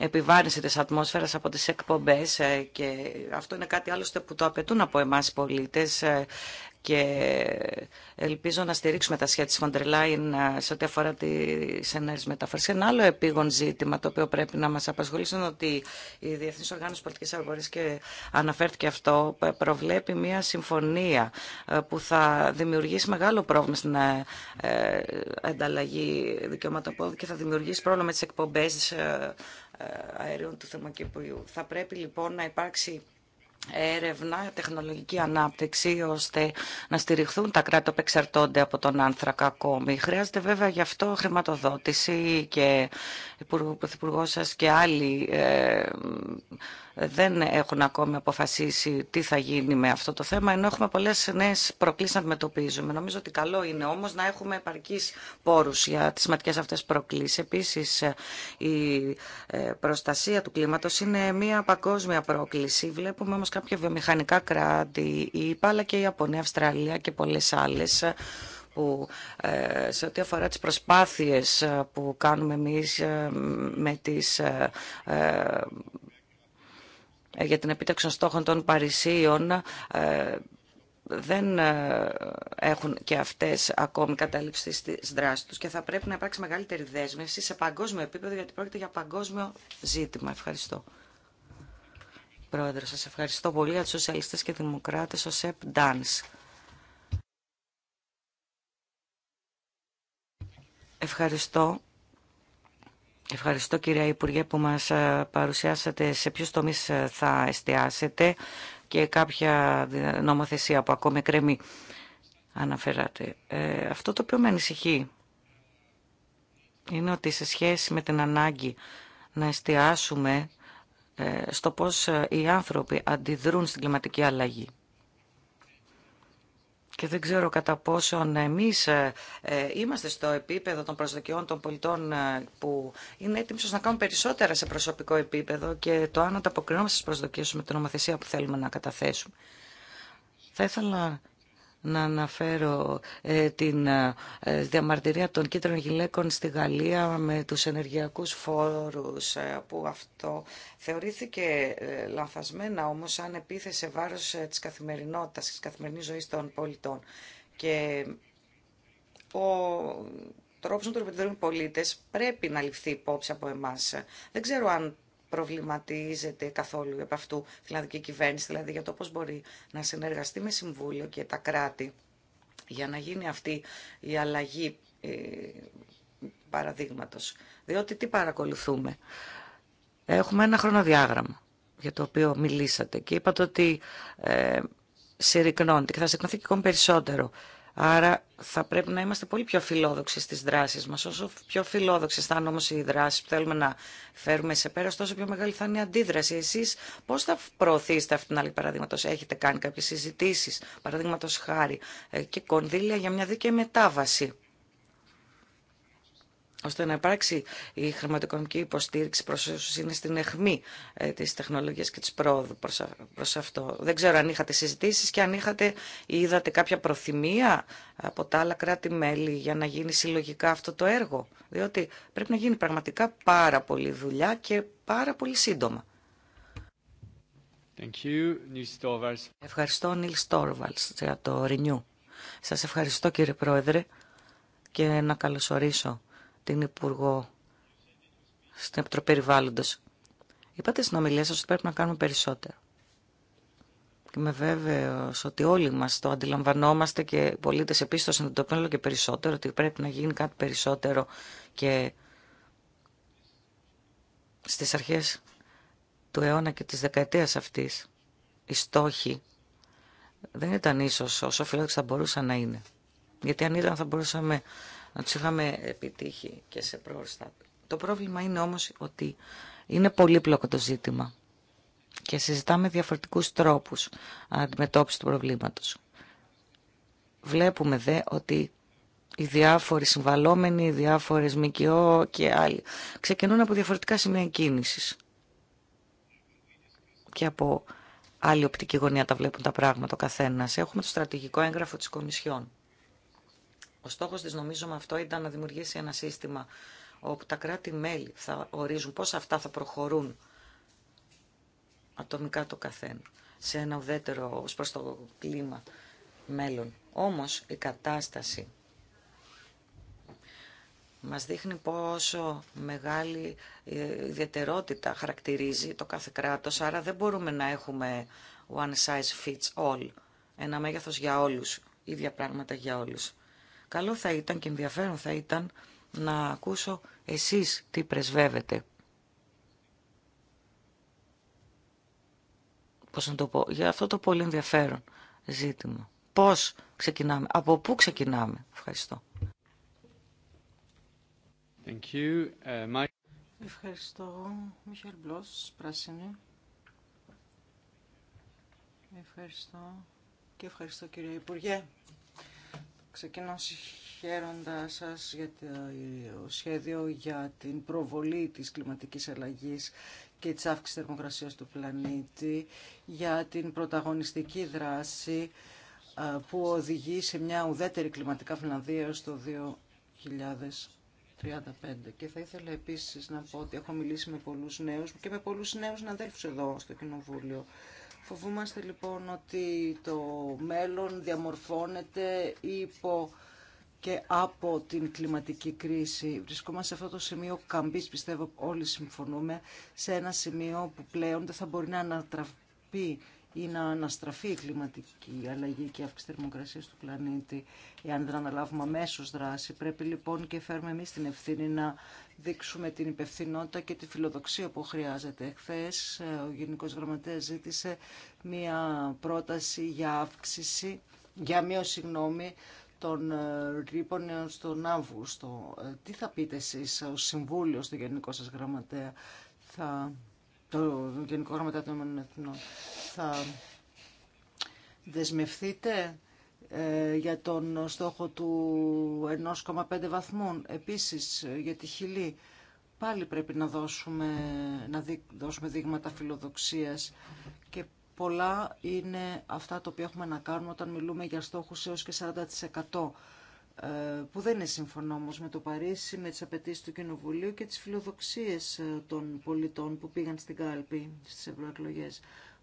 επιβάρυνση της ατμόσφαιρας από τις εκπομπές και αυτό είναι κάτι άλλο που το απαιτούν από εμάς οι πολίτες και ελπίζω να στηρίξουμε τα σχέδια της Φοντερ σε ό,τι αφορά τις ενέργειες μεταφορές. Ένα άλλο επίγον ζήτημα το οποίο πρέπει να μας απασχολήσει είναι ότι η Διεθνής Οργάνωση Πολιτικής Αγορής και αναφέρθηκε αυτό προβλέπει μια συμφωνία ε, που θα δημιουργήσει μεγάλο πρόβλημα στην ε, ε, ανταλλαγή δικαιωματοπόδου και θα δημιουργήσει πρόβλημα με τις εκπομπές αερίων του θερμοκηπίου. Θα πρέπει λοιπόν να υπάρξει έρευνα, τεχνολογική ανάπτυξη, ώστε να στηριχθούν τα κράτη που εξαρτώνται από τον άνθρακα ακόμη. Χρειάζεται βέβαια γι' αυτό χρηματοδότηση και ο Πρωθυπουργό και άλλοι ε, δεν έχουν ακόμη αποφασίσει τι θα γίνει με αυτό το θέμα, ενώ έχουμε πολλέ νέε προκλήσει να αντιμετωπίζουμε. Νομίζω ότι καλό είναι όμω να έχουμε επαρκεί πόρου για τι σημαντικέ αυτέ προκλήσει. Επίση, η ε, προστασία του κλίματο είναι μια παγκόσμια πρόκληση. Βλέπουμε όμω κάποια βιομηχανικά κράτη, η ΙΠΑ αλλά και η Ιαπωνία, Αυστραλία και πολλέ άλλε που ε, σε ό,τι αφορά τις προσπάθειες που κάνουμε εμείς ε, με τις ε, για την επίτευξη των στόχων των Παρισίων ε, δεν ε, έχουν και αυτές ακόμη καταλήψει στις δράσεις τους και θα πρέπει να υπάρξει μεγαλύτερη δέσμευση σε παγκόσμιο επίπεδο γιατί πρόκειται για παγκόσμιο ζήτημα. Ευχαριστώ. Πρόεδρε, σας ευχαριστώ πολύ για τους σοσιαλιστές και δημοκράτες, ο ΣΕΠ Ντάνς. Ευχαριστώ. Ευχαριστώ κυρία Υπουργέ που μας ε, παρουσιάσατε σε ποιους τομείς ε, θα εστιάσετε και κάποια ε, νομοθεσία που ακόμη κρέμει αναφέρατε. αυτό το οποίο με ανησυχεί είναι ότι σε σχέση με την ανάγκη να εστιάσουμε στο πώς οι άνθρωποι αντιδρούν στην κλιματική αλλαγή και δεν ξέρω κατά πόσον εμείς ε, ε, είμαστε στο επίπεδο των προσδοκιών των πολιτών ε, που είναι έτοιμοι να κάνουν περισσότερα σε προσωπικό επίπεδο και το αν ανταποκρινόμαστε στις προσδοκίες με την νομοθεσία που θέλουμε να καταθέσουμε. Θα ήθελα να αναφέρω ε, την ε, διαμαρτυρία των κίτρων γυλαίκων στη Γαλλία με τους ενεργειακούς φόρους ε, που αυτό θεωρήθηκε λανθασμένα όμως αν επίθεση βάρος της καθημερινότητας, της καθημερινής ζωής των πολιτών. Και ο τρόπος το τον πολίτες πρέπει να ληφθεί υπόψη από εμάς. Δεν ξέρω αν προβληματίζεται καθόλου από αυτού δηλαδή η κυβέρνηση, δηλαδή για το πώς μπορεί να συνεργαστεί με Συμβούλιο και τα κράτη για να γίνει αυτή η αλλαγή ε, παραδείγματος. Διότι τι παρακολουθούμε. Έχουμε ένα χρονοδιάγραμμα για το οποίο μιλήσατε και είπατε ότι ε, συρρυκνώνεται και θα συρρυκνωθεί και ακόμη περισσότερο Άρα θα πρέπει να είμαστε πολύ πιο φιλόδοξοι στις δράσεις μας. Όσο πιο φιλόδοξες θα είναι όμως οι δράσεις που θέλουμε να φέρουμε σε πέρα, τόσο πιο μεγάλη θα είναι η αντίδραση. Εσείς πώς θα προωθήσετε αυτήν την άλλη παραδείγματος. Έχετε κάνει κάποιες συζητήσεις, παραδείγματος χάρη, ε, και κονδύλια για μια δίκαιη μετάβαση ώστε να υπάρξει η χρηματοοικονομική υποστήριξη προς όσους είναι στην αιχμή ε, της τεχνολογίας και της πρόοδου προς, αυτό. Δεν ξέρω αν είχατε συζητήσεις και αν είχατε ή είδατε κάποια προθυμία από τα άλλα κράτη-μέλη για να γίνει συλλογικά αυτό το έργο. Διότι πρέπει να γίνει πραγματικά πάρα πολλή δουλειά και πάρα πολύ σύντομα. Thank you, ευχαριστώ, Νίλ Στόρβαλς, για το Renew. Σας ευχαριστώ, κύριε Πρόεδρε, και να καλωσορίσω την Υπουργό στην Επιτροπή Περιβάλλοντος. Είπατε στην ομιλία σας ότι πρέπει να κάνουμε περισσότερο Και είμαι βέβαιο ότι όλοι μα το αντιλαμβανόμαστε και οι πολίτε επίση το συνειδητοποιούν όλο και περισσότερο ότι πρέπει να γίνει κάτι περισσότερο και στις αρχές του αιώνα και τη δεκαετία αυτή, οι στόχοι δεν ήταν ίσω όσο φιλόδοξοι θα μπορούσαν να είναι. Γιατί αν ήταν θα μπορούσαμε να του είχαμε επιτύχει και σε πρόστα. Το πρόβλημα είναι όμως ότι είναι πολύπλοκο το ζήτημα και συζητάμε διαφορετικούς τρόπους αντιμετώπισης του προβλήματος. Βλέπουμε δε ότι οι διάφοροι συμβαλόμενοι, οι διάφορες ΜΚΟ και άλλοι ξεκινούν από διαφορετικά σημεία κίνησης και από άλλη οπτική γωνία τα βλέπουν τα πράγματα ο καθένας. Έχουμε το στρατηγικό έγγραφο της Κομισιόν ο στόχος της νομίζω με αυτό ήταν να δημιουργήσει ένα σύστημα όπου τα κράτη-μέλη θα ορίζουν πώς αυτά θα προχωρούν ατομικά το καθένα σε ένα ουδέτερο ως προς το κλίμα μέλλον. Όμως η κατάσταση μας δείχνει πόσο μεγάλη ε, ιδιαιτερότητα χαρακτηρίζει το κάθε κράτος, άρα δεν μπορούμε να έχουμε one size fits all, ένα μέγεθος για όλους, ίδια πράγματα για όλους. Καλό θα ήταν και ενδιαφέρον θα ήταν να ακούσω εσείς τι πρεσβεύετε. Πώς να το πω, για αυτό το πολύ ενδιαφέρον ζήτημα. Πώς ξεκινάμε, από πού ξεκινάμε. Ευχαριστώ. Thank you. Uh, ε, my... Ευχαριστώ. Μιχαήλ Μπλος, πράσινη. Ευχαριστώ. Και ευχαριστώ κύριε Υπουργέ Ξεκινώ χαίροντα σας για το σχέδιο για την προβολή της κλιματικής αλλαγής και της αύξησης θερμοκρασίας του πλανήτη, για την πρωταγωνιστική δράση που οδηγεί σε μια ουδέτερη κλιματικά Φιλανδία στο το 2035. Και θα ήθελα επίσης να πω ότι έχω μιλήσει με πολλούς νέους και με πολλούς νέους συναδέλφους εδώ στο Κοινοβούλιο Φοβούμαστε λοιπόν ότι το μέλλον διαμορφώνεται υπό και από την κλιματική κρίση. Βρισκόμαστε σε αυτό το σημείο καμπής, πιστεύω όλοι συμφωνούμε, σε ένα σημείο που πλέον δεν θα μπορεί να ανατραπεί ή να αναστραφεί η κλιματική αλλαγή και η αύξηση θερμοκρασία του πλανήτη, εάν δεν αναλάβουμε αμέσω δράση. Πρέπει λοιπόν και φέρουμε εμεί την ευθύνη να δείξουμε την υπευθυνότητα και τη φιλοδοξία που χρειάζεται. Χθε ε, ο Γενικό Γραμματέα ζήτησε μία πρόταση για αύξηση, για μείωση γνώμη των ε, ρήπων στον Αύγουστο. Ε, τι θα πείτε εσείς ως Συμβούλιο στο Γενικό σας Γραμματέα, θα το Γενικό Γραμματέα των Εθνών. Θα δεσμευθείτε ε, για τον στόχο του 1,5 βαθμών. Επίσης, για τη χιλή, πάλι πρέπει να δώσουμε, να δώσουμε δείγματα φιλοδοξίας και πολλά είναι αυτά τα οποία έχουμε να κάνουμε όταν μιλούμε για στόχους έως και 40%. Ε, που δεν είναι συμφωνό όμω με το Παρίσι, με τι απαιτήσει του Κοινοβουλίου και τις φιλοδοξίες ε, των πολιτών που πήγαν στην κάλπη στι ευρωεκλογέ.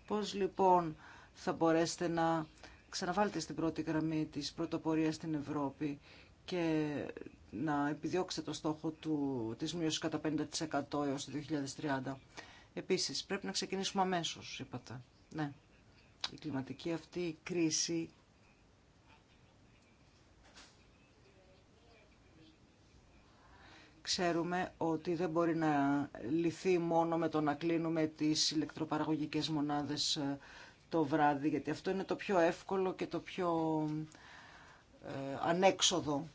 Πώς λοιπόν θα μπορέσετε να ξαναβάλλετε στην πρώτη γραμμή της πρωτοπορία στην Ευρώπη και να επιδιώξετε το στόχο του, της κατά 50% έως το 2030. Επίσης, πρέπει να ξεκινήσουμε αμέσως, είπατε. Ναι. Η κλιματική αυτή κρίση Ξέρουμε ότι δεν μπορεί να λυθεί μόνο με το να κλείνουμε τις ηλεκτροπαραγωγικές μονάδες ε, το βράδυ, γιατί αυτό είναι το πιο εύκολο και το πιο ε, ανέξοδο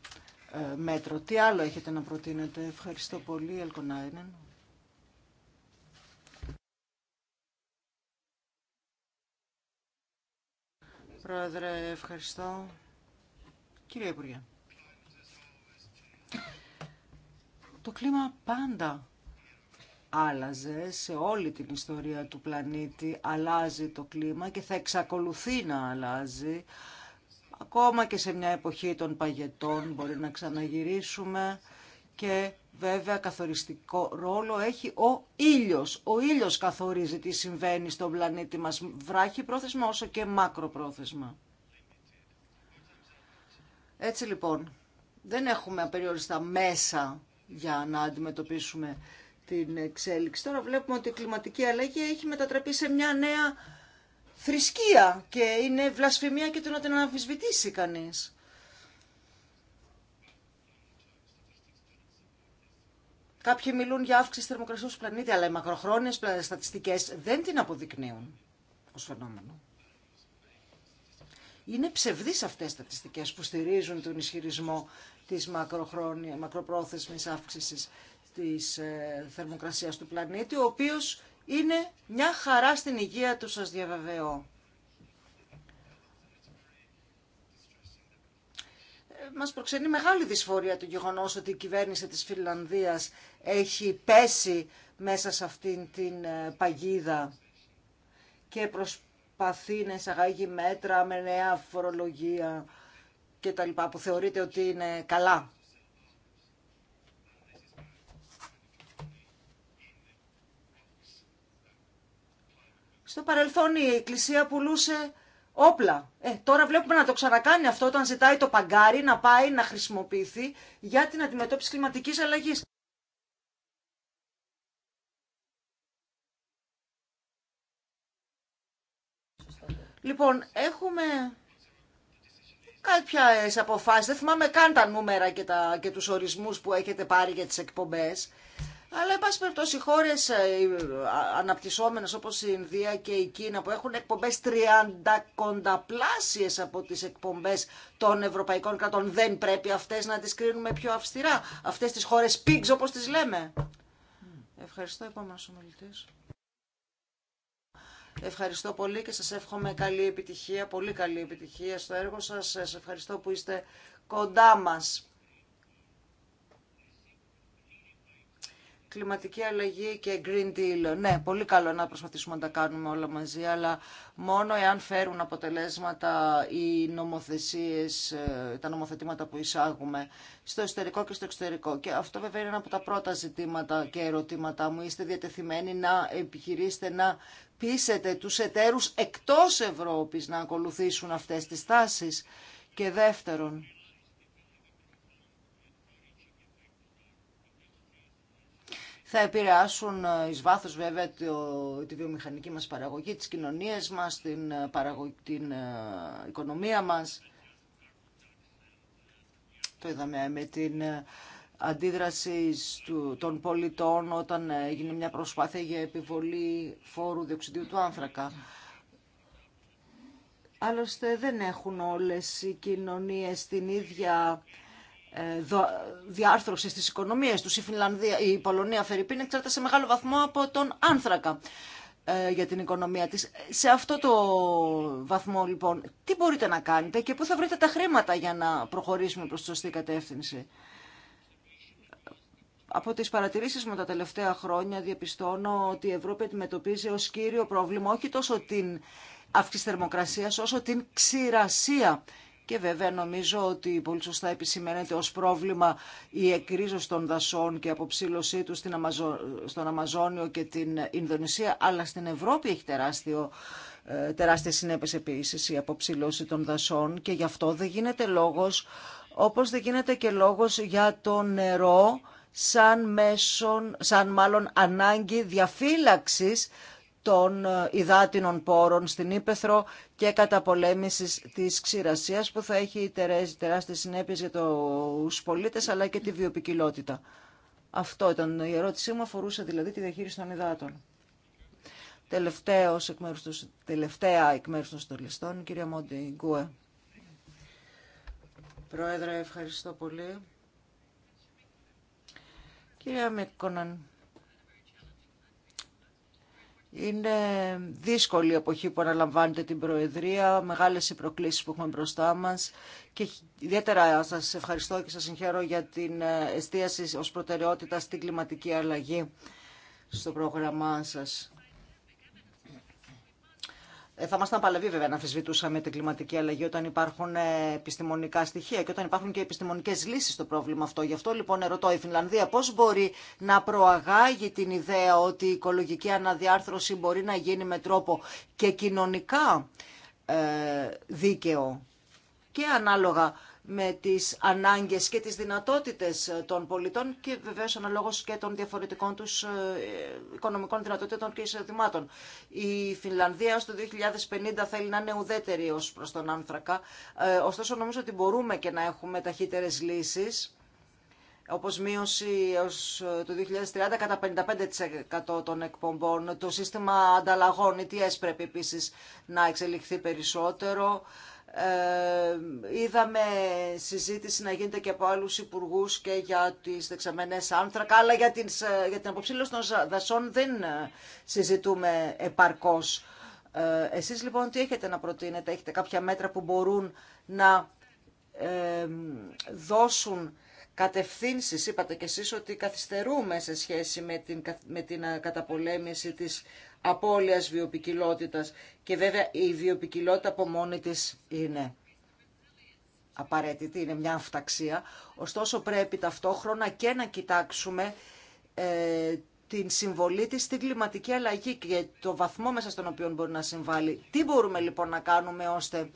ε, μέτρο. Τι άλλο έχετε να προτείνετε. Ευχαριστώ πολύ, Ελκονάινεν. Πρόεδρε, ευχαριστώ. Κύριε Υπουργέ. Το κλίμα πάντα άλλαζε σε όλη την ιστορία του πλανήτη. Αλλάζει το κλίμα και θα εξακολουθεί να αλλάζει. Ακόμα και σε μια εποχή των παγετών μπορεί να ξαναγυρίσουμε και βέβαια καθοριστικό ρόλο έχει ο ήλιος. Ο ήλιος καθορίζει τι συμβαίνει στον πλανήτη μας βράχει πρόθεσμα όσο και μακροπρόθεσμα. Έτσι λοιπόν, δεν έχουμε απεριόριστα μέσα για να αντιμετωπίσουμε την εξέλιξη. Τώρα βλέπουμε ότι η κλιματική αλλαγή έχει μετατραπεί σε μια νέα θρησκεία και είναι βλασφημία και το να την αναμφισβητήσει κανείς. Κάποιοι μιλούν για αύξηση θερμοκρασία του πλανήτη, αλλά οι μακροχρόνιε στατιστικέ δεν την αποδεικνύουν ως φαινόμενο. Είναι ψευδείς αυτές οι στατιστικές που στηρίζουν τον ισχυρισμό της μακροπρόθεσμης αύξησης της ε, θερμοκρασίας του πλανήτη, ο οποίος είναι μια χαρά στην υγεία του, σας διαβεβαιώ. Ε, μας προξενεί μεγάλη δυσφορία το γεγονός ότι η κυβέρνηση της Φιλανδίας έχει πέσει μέσα σε αυτήν την ε, παγίδα και προσπαθεί να εισαγάγει μέτρα με νέα φορολογία και τα λοιπά που θεωρείτε ότι είναι καλά. Στο παρελθόν η Εκκλησία πουλούσε όπλα. Ε, τώρα βλέπουμε να το ξανακάνει αυτό όταν ζητάει το παγκάρι να πάει να χρησιμοποιηθεί για την αντιμετώπιση κλιματικής αλλαγής. Λοιπόν, έχουμε κάποια αποφάσει. δεν θυμάμαι καν τα νούμερα και, τα, και τους ορισμούς που έχετε πάρει για τις εκπομπές, αλλά, εν πάση περιπτώσει, οι χώρε ε, αναπτυσσόμενε όπω η Ινδία και η Κίνα που έχουν εκπομπέ 30 κονταπλάσιε από τι εκπομπέ των ευρωπαϊκών κρατών, δεν πρέπει αυτέ να τι κρίνουμε πιο αυστηρά. Αυτέ τι χώρε pigs όπω τι λέμε. Ευχαριστώ, επόμενο ομιλητή. Ευχαριστώ πολύ και σας εύχομαι καλή επιτυχία, πολύ καλή επιτυχία στο έργο σας. Σας ευχαριστώ που είστε κοντά μας. κλιματική αλλαγή και Green Deal. Ναι, πολύ καλό να προσπαθήσουμε να τα κάνουμε όλα μαζί, αλλά μόνο εάν φέρουν αποτελέσματα οι νομοθεσίες, ε, τα νομοθετήματα που εισάγουμε στο εσωτερικό και στο εξωτερικό. Και αυτό βέβαια είναι ένα από τα πρώτα ζητήματα και ερωτήματά μου. Είστε διατεθειμένοι να επιχειρήσετε να πείσετε τους εταίρους εκτός Ευρώπης να ακολουθήσουν αυτές τις τάσεις. Και δεύτερον, θα επηρεάσουν ε, εις βάθος βέβαια το, τη βιομηχανική μας παραγωγή, τις κοινωνίες μας, την, ε, παραγωγή την ε, οικονομία μας. Το είδαμε με την αντίδραση των πολιτών όταν έγινε μια προσπάθεια για επιβολή φόρου διοξιδίου του άνθρακα. Άλλωστε δεν έχουν όλες οι κοινωνίες την ίδια ε, διάρθρωση τη οικονομία του. Η, η Πολωνία Φερρυπίν εξαρτάται σε μεγάλο βαθμό από τον άνθρακα ε, για την οικονομία της. Σε αυτό το βαθμό λοιπόν, τι μπορείτε να κάνετε και πού θα βρείτε τα χρήματα για να προχωρήσουμε προς τη σωστή κατεύθυνση. Από τις παρατηρήσεις μου τα τελευταία χρόνια διαπιστώνω ότι η Ευρώπη αντιμετωπίζει ως κύριο πρόβλημα όχι τόσο την αύξηση θερμοκρασίας όσο την ξηρασία και βέβαια νομίζω ότι πολύ σωστά επισημαίνεται ως πρόβλημα η εκρίζωση των δασών και η αποψήλωσή του στην Αμαζο... στον Αμαζόνιο και την Ινδονησία, αλλά στην Ευρώπη έχει τεράστιο ε, τεράστια συνέπειες επίσης η αποψηλώση των δασών και γι' αυτό δεν γίνεται λόγος όπως δεν γίνεται και λόγος για το νερό σαν μέσον, σαν μάλλον ανάγκη διαφύλαξης των ε, υδάτινων πόρων στην Ήπεθρο και καταπολέμησης της ξηρασίας που θα έχει τεράστιες συνέπειες για τους πολίτες αλλά και τη βιοπικιλότητα. Αυτό ήταν η ερώτησή μου, αφορούσε δηλαδή τη διαχείριση των υδάτων. Τελευταίος, εκ τελευταία εκ μέρους των στολιστών, κυρία Μόντι Γκουέ. Πρόεδρε, ευχαριστώ πολύ. Κυρία Μίκοναν, είναι δύσκολη η εποχή που αναλαμβάνετε την Προεδρία, μεγάλες οι προκλήσεις που έχουμε μπροστά μας και ιδιαίτερα σας ευχαριστώ και σας συγχαίρω για την ε, εστίαση ως προτεραιότητα στην κλιματική αλλαγή στο πρόγραμμά σας. Ε, θα ήμασταν παλαβή βέβαια να αμφισβητούσαμε την κλιματική αλλαγή όταν υπάρχουν ε, επιστημονικά στοιχεία και όταν υπάρχουν και επιστημονικέ λύσει στο πρόβλημα αυτό. Γι' αυτό λοιπόν ερωτώ η Φινλανδία πώ μπορεί να προαγάγει την ιδέα ότι η οικολογική αναδιάρθρωση μπορεί να γίνει με τρόπο και κοινωνικά ε, δίκαιο και ανάλογα με τις ανάγκες και τις δυνατότητες ε, των πολιτών και βεβαίως αναλόγως και των διαφορετικών τους ε, οικονομικών δυνατοτήτων και εισοδημάτων. Η Φινλανδία στο το 2050 θέλει να είναι ουδέτερη ως προς τον άνθρακα, ε, ωστόσο νομίζω ότι μπορούμε και να έχουμε ταχύτερες λύσεις όπως μείωση ως το 2030 κατά 55% των εκπομπών. Το σύστημα ανταλλαγών, ETS πρέπει επίσης να εξελιχθεί περισσότερο. Ε, είδαμε συζήτηση να γίνεται και από άλλου υπουργού και για τις δεξαμενές άνθρακα, αλλά για, την, για την αποψήλωση των δασών δεν ε, συζητούμε επαρκώς. Ε, εσείς λοιπόν τι έχετε να προτείνετε, έχετε κάποια μέτρα που μπορούν να δώσουν κατευθύνσεις, είπατε κι εσείς ότι καθυστερούμε σε σχέση με την, με την καταπολέμηση της απώλειας βιοπικιλότητας και βέβαια η βιοπικιλότητα από μόνη της είναι απαραίτητη, είναι μια αυταξία. Ωστόσο πρέπει ταυτόχρονα και να κοιτάξουμε ε, την συμβολή της στην κλιματική αλλαγή και το βαθμό μέσα στον οποίο μπορεί να συμβάλλει. Τι μπορούμε λοιπόν να κάνουμε ώστε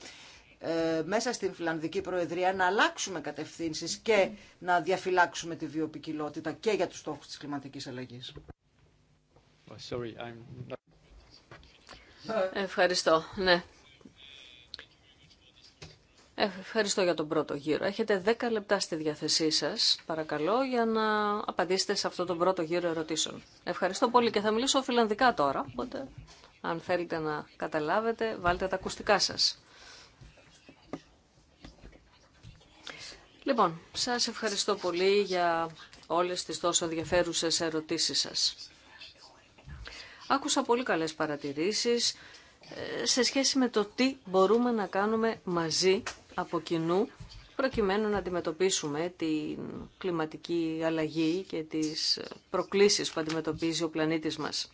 ε, μέσα στην Φιλανδική Προεδρία να αλλάξουμε κατευθύνσεις και να διαφυλάξουμε τη βιοπικιλότητα και για τους στόχους της κλιματικής αλλαγής. Oh, ευχαριστώ, ναι. Ευχαριστώ για τον πρώτο γύρο. Έχετε 10 λεπτά στη διάθεσή σας, παρακαλώ, για να απαντήσετε σε αυτό τον πρώτο γύρο ερωτήσεων. Ευχαριστώ πολύ και θα μιλήσω φιλανδικά τώρα, οπότε αν θέλετε να καταλάβετε, βάλτε τα ακουστικά σας. Λοιπόν, σας ευχαριστώ πολύ για όλες τις τόσο ενδιαφέρουσες ερωτήσεις σας. Άκουσα πολύ καλές παρατηρήσεις ε, σε σχέση με το τι μπορούμε να κάνουμε μαζί από κοινού προκειμένου να αντιμετωπίσουμε την κλιματική αλλαγή και τις προκλήσεις που αντιμετωπίζει ο πλανήτης μας.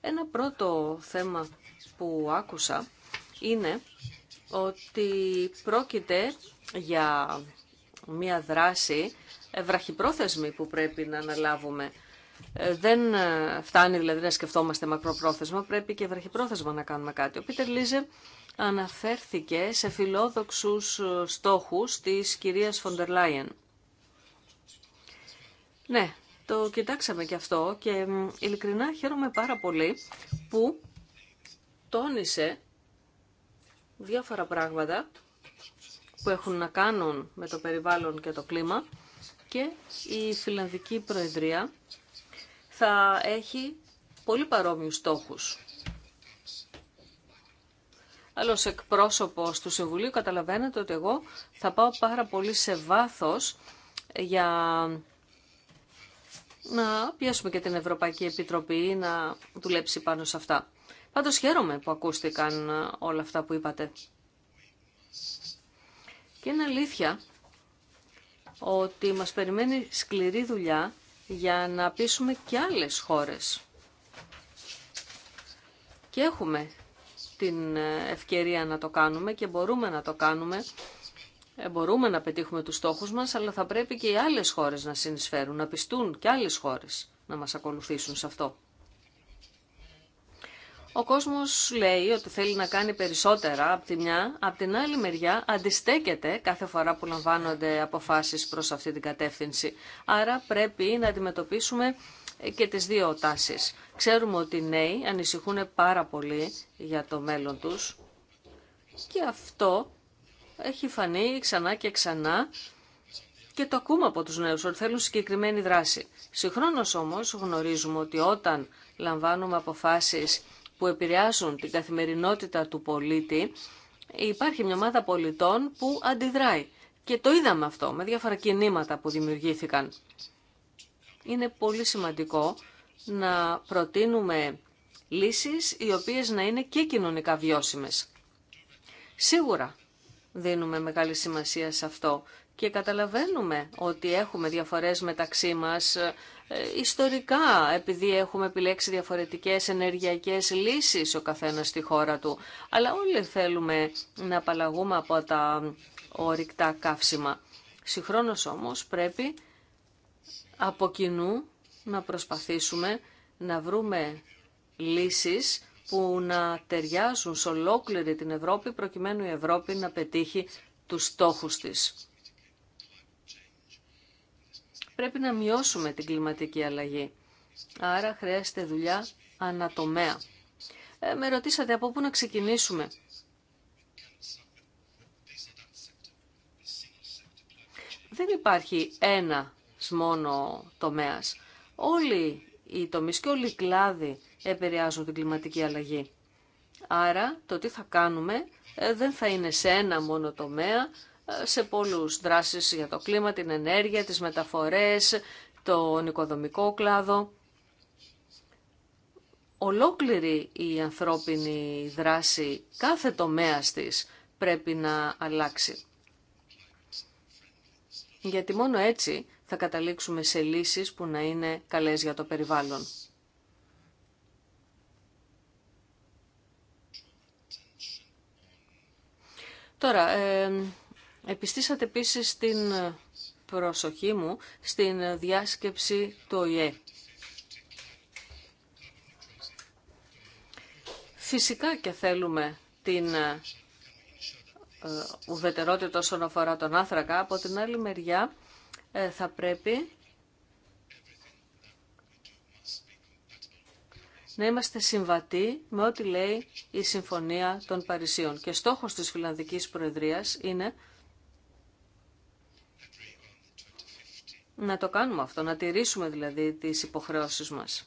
Ένα πρώτο θέμα που άκουσα είναι ότι πρόκειται για μια δράση βραχυπρόθεσμη που πρέπει να αναλάβουμε ε, δεν ε, φτάνει δηλαδή να σκεφτόμαστε μακροπρόθεσμα, πρέπει και βραχυπρόθεσμα να κάνουμε κάτι. Ο Πίτερ Λίζε αναφέρθηκε σε φιλόδοξους ε, στόχους της κυρίας Φοντερ Λάιεν. Ναι, το κοιτάξαμε και αυτό και ειλικρινά χαίρομαι πάρα πολύ που τόνισε διάφορα πράγματα που έχουν να κάνουν με το περιβάλλον και το κλίμα και η Φιλανδική Προεδρία θα έχει πολύ παρόμοιους στόχους. Άλλο εκπρόσωπος του Συμβουλίου καταλαβαίνετε ότι εγώ θα πάω πάρα πολύ σε βάθος για να πιέσουμε και την Ευρωπαϊκή Επιτροπή να δουλέψει πάνω σε αυτά. Πάντως χαίρομαι που ακούστηκαν όλα αυτά που είπατε. Και είναι αλήθεια ότι μας περιμένει σκληρή δουλειά για να πείσουμε και άλλες χώρες. Και έχουμε την ευκαιρία να το κάνουμε και μπορούμε να το κάνουμε. Ε, μπορούμε να πετύχουμε τους στόχους μας, αλλά θα πρέπει και οι άλλες χώρες να συνεισφέρουν, να πιστούν και άλλες χώρες να μας ακολουθήσουν σε αυτό. Ο κόσμος λέει ότι θέλει να κάνει περισσότερα από τη μια, από την άλλη μεριά αντιστέκεται κάθε φορά που λαμβάνονται αποφάσεις προς αυτή την κατεύθυνση. Άρα πρέπει να αντιμετωπίσουμε και τις δύο τάσεις. Ξέρουμε ότι οι νέοι ανησυχούν πάρα πολύ για το μέλλον τους και αυτό έχει φανεί ξανά και ξανά και το ακούμε από τους νέους ότι θέλουν συγκεκριμένη δράση. Συγχρόνως όμως γνωρίζουμε ότι όταν λαμβάνουμε αποφάσεις που επηρεάζουν την καθημερινότητα του πολίτη, υπάρχει μια ομάδα πολιτών που αντιδράει. Και το είδαμε αυτό με διάφορα κινήματα που δημιουργήθηκαν. Είναι πολύ σημαντικό να προτείνουμε λύσεις οι οποίες να είναι και κοινωνικά βιώσιμες. Σίγουρα δίνουμε μεγάλη σημασία σε αυτό και καταλαβαίνουμε ότι έχουμε διαφορές μεταξύ μας ε, ιστορικά, επειδή έχουμε επιλέξει διαφορετικές ενεργειακές λύσεις ο καθένας στη χώρα του. Αλλά όλοι θέλουμε να απαλλαγούμε από τα ορυκτά καύσιμα. Συγχρόνως όμως πρέπει από κοινού να προσπαθήσουμε να βρούμε λύσεις που να ταιριάζουν σε ολόκληρη την Ευρώπη προκειμένου η Ευρώπη να πετύχει τους στόχους της. Πρέπει να μειώσουμε την κλιματική αλλαγή. Άρα χρειάζεται δουλειά ανατομέα. Ε, με ρωτήσατε από πού να ξεκινήσουμε. Δεν υπάρχει ένα μόνο τομέας. Όλοι οι τομείς και όλοι οι κλάδοι επηρεάζουν την κλιματική αλλαγή. Άρα το τι θα κάνουμε ε, δεν θα είναι σε ένα μόνο τομέα, σε πολλούς δράσεις για το κλίμα, την ενέργεια, τις μεταφορές, τον οικοδομικό κλάδο. Ολόκληρη η ανθρώπινη δράση, κάθε τομέα της πρέπει να αλλάξει. Γιατί μόνο έτσι θα καταλήξουμε σε λύσεις που να είναι καλές για το περιβάλλον. Τώρα, ε, Επιστήσατε επίσης την προσοχή μου στην διάσκεψη του ΟΗΕ. Φυσικά και θέλουμε την ε, ουδετερότητα όσον αφορά τον άνθρακα. Από την άλλη μεριά ε, θα πρέπει να είμαστε συμβατοί με ό,τι λέει η Συμφωνία των Παρισίων. Και στόχος της Φιλανδικής Προεδρίας είναι να το κάνουμε αυτό, να τηρήσουμε δηλαδή τις υποχρεώσεις μας.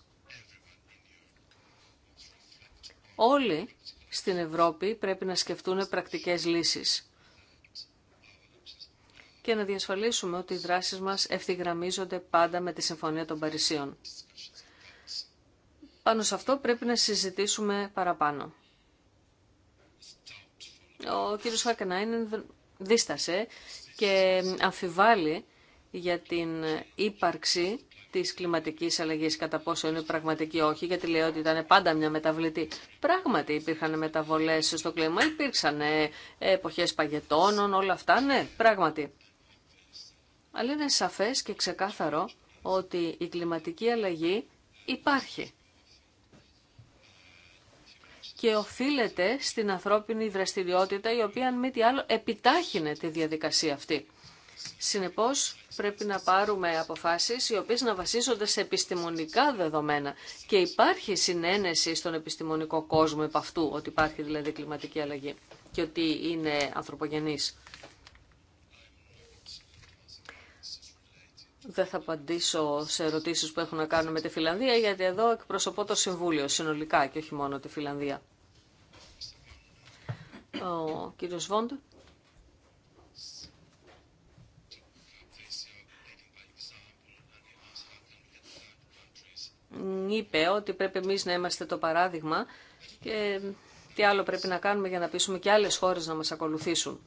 Όλοι στην Ευρώπη πρέπει να σκεφτούν πρακτικές λύσεις και να διασφαλίσουμε ότι οι δράσεις μας ευθυγραμμίζονται πάντα με τη Συμφωνία των Παρισίων. Πάνω σε αυτό πρέπει να συζητήσουμε παραπάνω. Ο κύριος Χάκενάιν δίστασε και αμφιβάλλει για την ύπαρξη της κλιματικής αλλαγής, κατά πόσο είναι πραγματική όχι, γιατί λέει ότι ήταν πάντα μια μεταβλητή. Πράγματι υπήρχαν μεταβολές στο κλίμα, υπήρξαν ε, εποχές παγετώνων, όλα αυτά, ναι, πράγματι. Αλλά είναι σαφές και ξεκάθαρο ότι η κλιματική αλλαγή υπάρχει και οφείλεται στην ανθρώπινη δραστηριότητα η οποία αν μη τι άλλο επιτάχυνε τη διαδικασία αυτή. Συνεπώς πρέπει να πάρουμε αποφάσεις οι οποίες να βασίζονται σε επιστημονικά δεδομένα και υπάρχει συνένεση στον επιστημονικό κόσμο επ' αυτού, ότι υπάρχει δηλαδή κλιματική αλλαγή και ότι είναι ανθρωπογενής. Δεν θα απαντήσω σε ερωτήσεις που έχουν να κάνουν με τη Φιλανδία, γιατί εδώ εκπροσωπώ το Συμβούλιο συνολικά και όχι μόνο τη Φιλανδία. Ο κύριος Βόντου. είπε ότι πρέπει εμείς να είμαστε το παράδειγμα και τι άλλο πρέπει να κάνουμε για να πείσουμε και άλλες χώρες να μας ακολουθήσουν.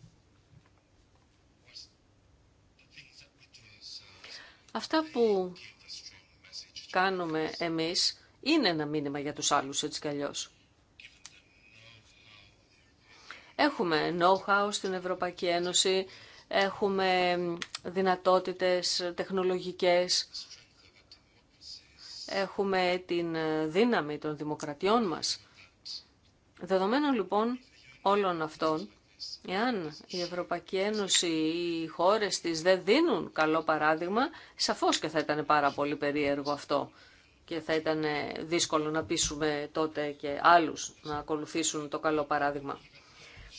Αυτά που κάνουμε εμείς είναι ένα μήνυμα για τους άλλους έτσι κι αλλιώς. Έχουμε know-how στην Ευρωπαϊκή Ένωση, έχουμε δυνατότητες τεχνολογικές έχουμε την ε, δύναμη των δημοκρατιών μας. Δεδομένων λοιπόν όλων αυτών, εάν η Ευρωπαϊκή Ένωση ή οι χώρες της δεν δίνουν καλό παράδειγμα, σαφώς και θα ήταν πάρα πολύ περίεργο αυτό και θα ήταν ε, δύσκολο να πείσουμε τότε και άλλους να ακολουθήσουν το καλό παράδειγμα.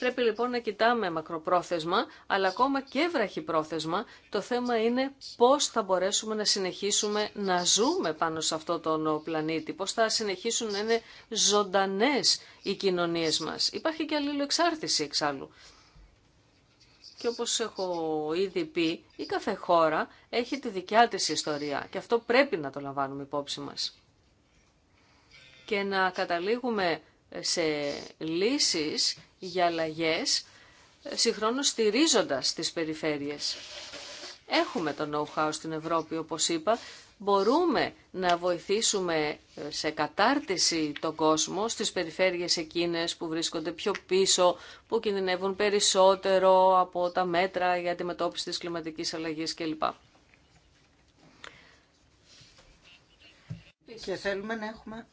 Πρέπει λοιπόν να κοιτάμε μακροπρόθεσμα, αλλά ακόμα και βραχυπρόθεσμα. Το θέμα είναι πώς θα μπορέσουμε να συνεχίσουμε να ζούμε πάνω σε αυτό τον πλανήτη, πώς θα συνεχίσουν να είναι ζωντανές οι κοινωνίες μας. Υπάρχει και αλληλοεξάρτηση εξάλλου. Και όπως έχω ήδη πει, η κάθε χώρα έχει τη δικιά της ιστορία και αυτό πρέπει να το λαμβάνουμε υπόψη μας. Και να καταλήγουμε σε λύσεις για αλλαγέ, συγχρόνως στηρίζοντας τις περιφέρειες. Έχουμε το know-how στην Ευρώπη, όπως είπα, μπορούμε να βοηθήσουμε ε, σε κατάρτιση τον κόσμο στις περιφέρειες εκείνες που βρίσκονται πιο πίσω, που κινδυνεύουν περισσότερο από τα μέτρα για αντιμετώπιση της κλιματικής αλλαγής κλπ. Και θέλουμε να έχουμε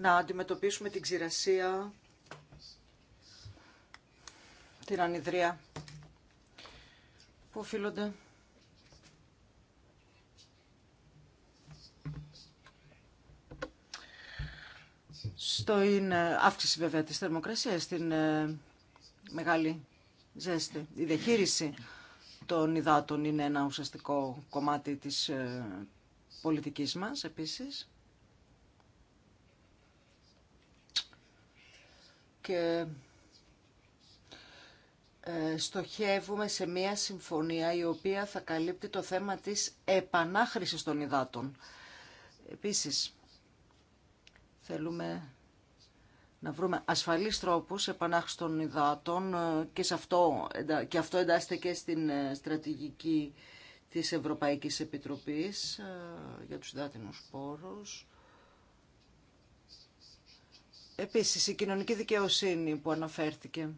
να αντιμετωπίσουμε την ξηρασία, την ανιδρία που οφείλονται στο ε, αύξηση βέβαια της θερμοκρασίας, στην ε, μεγάλη ζέστη. Η διαχείριση των υδάτων είναι ένα ουσιαστικό κομμάτι της ε, πολιτικής μας επίσης. και ε, στοχεύουμε σε μια συμφωνία η οποία θα καλύπτει το θέμα της επανάχρησης των υδάτων. Επίσης, θέλουμε να βρούμε ασφαλείς τρόπους επανάχρησης των υδάτων ε, και, σε αυτό, και αυτό εντάσσεται και στην ε, στρατηγική της Ευρωπαϊκής Επιτροπής για τους υδάτινους πόρους. Επίσης, η κοινωνική δικαιοσύνη που αναφέρθηκε.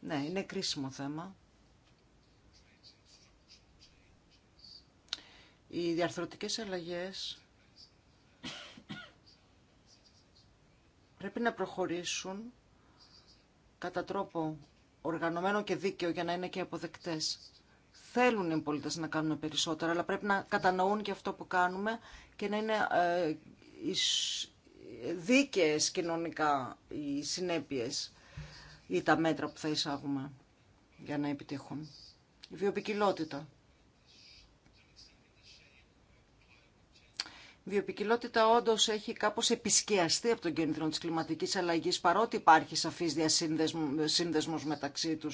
Ναι, είναι κρίσιμο θέμα. Οι διαρθρωτικές αλλαγές πρέπει να προχωρήσουν κατά τρόπο οργανωμένο και δίκαιο για να είναι και αποδεκτές. Θέλουν οι πολίτε να κάνουν περισσότερα, αλλά πρέπει να κατανοούν και αυτό που κάνουμε και να είναι ε, δίκαιες κοινωνικά οι συνέπειες ή τα μέτρα που θα εισάγουμε για να επιτύχουν. Η βιοπικιλότητα. βιοπικιλότητα όντω έχει κάπω επισκιαστεί από τον κίνδυνο τη κλιματική αλλαγή, παρότι υπάρχει σαφή διασύνδεσμο μεταξύ του.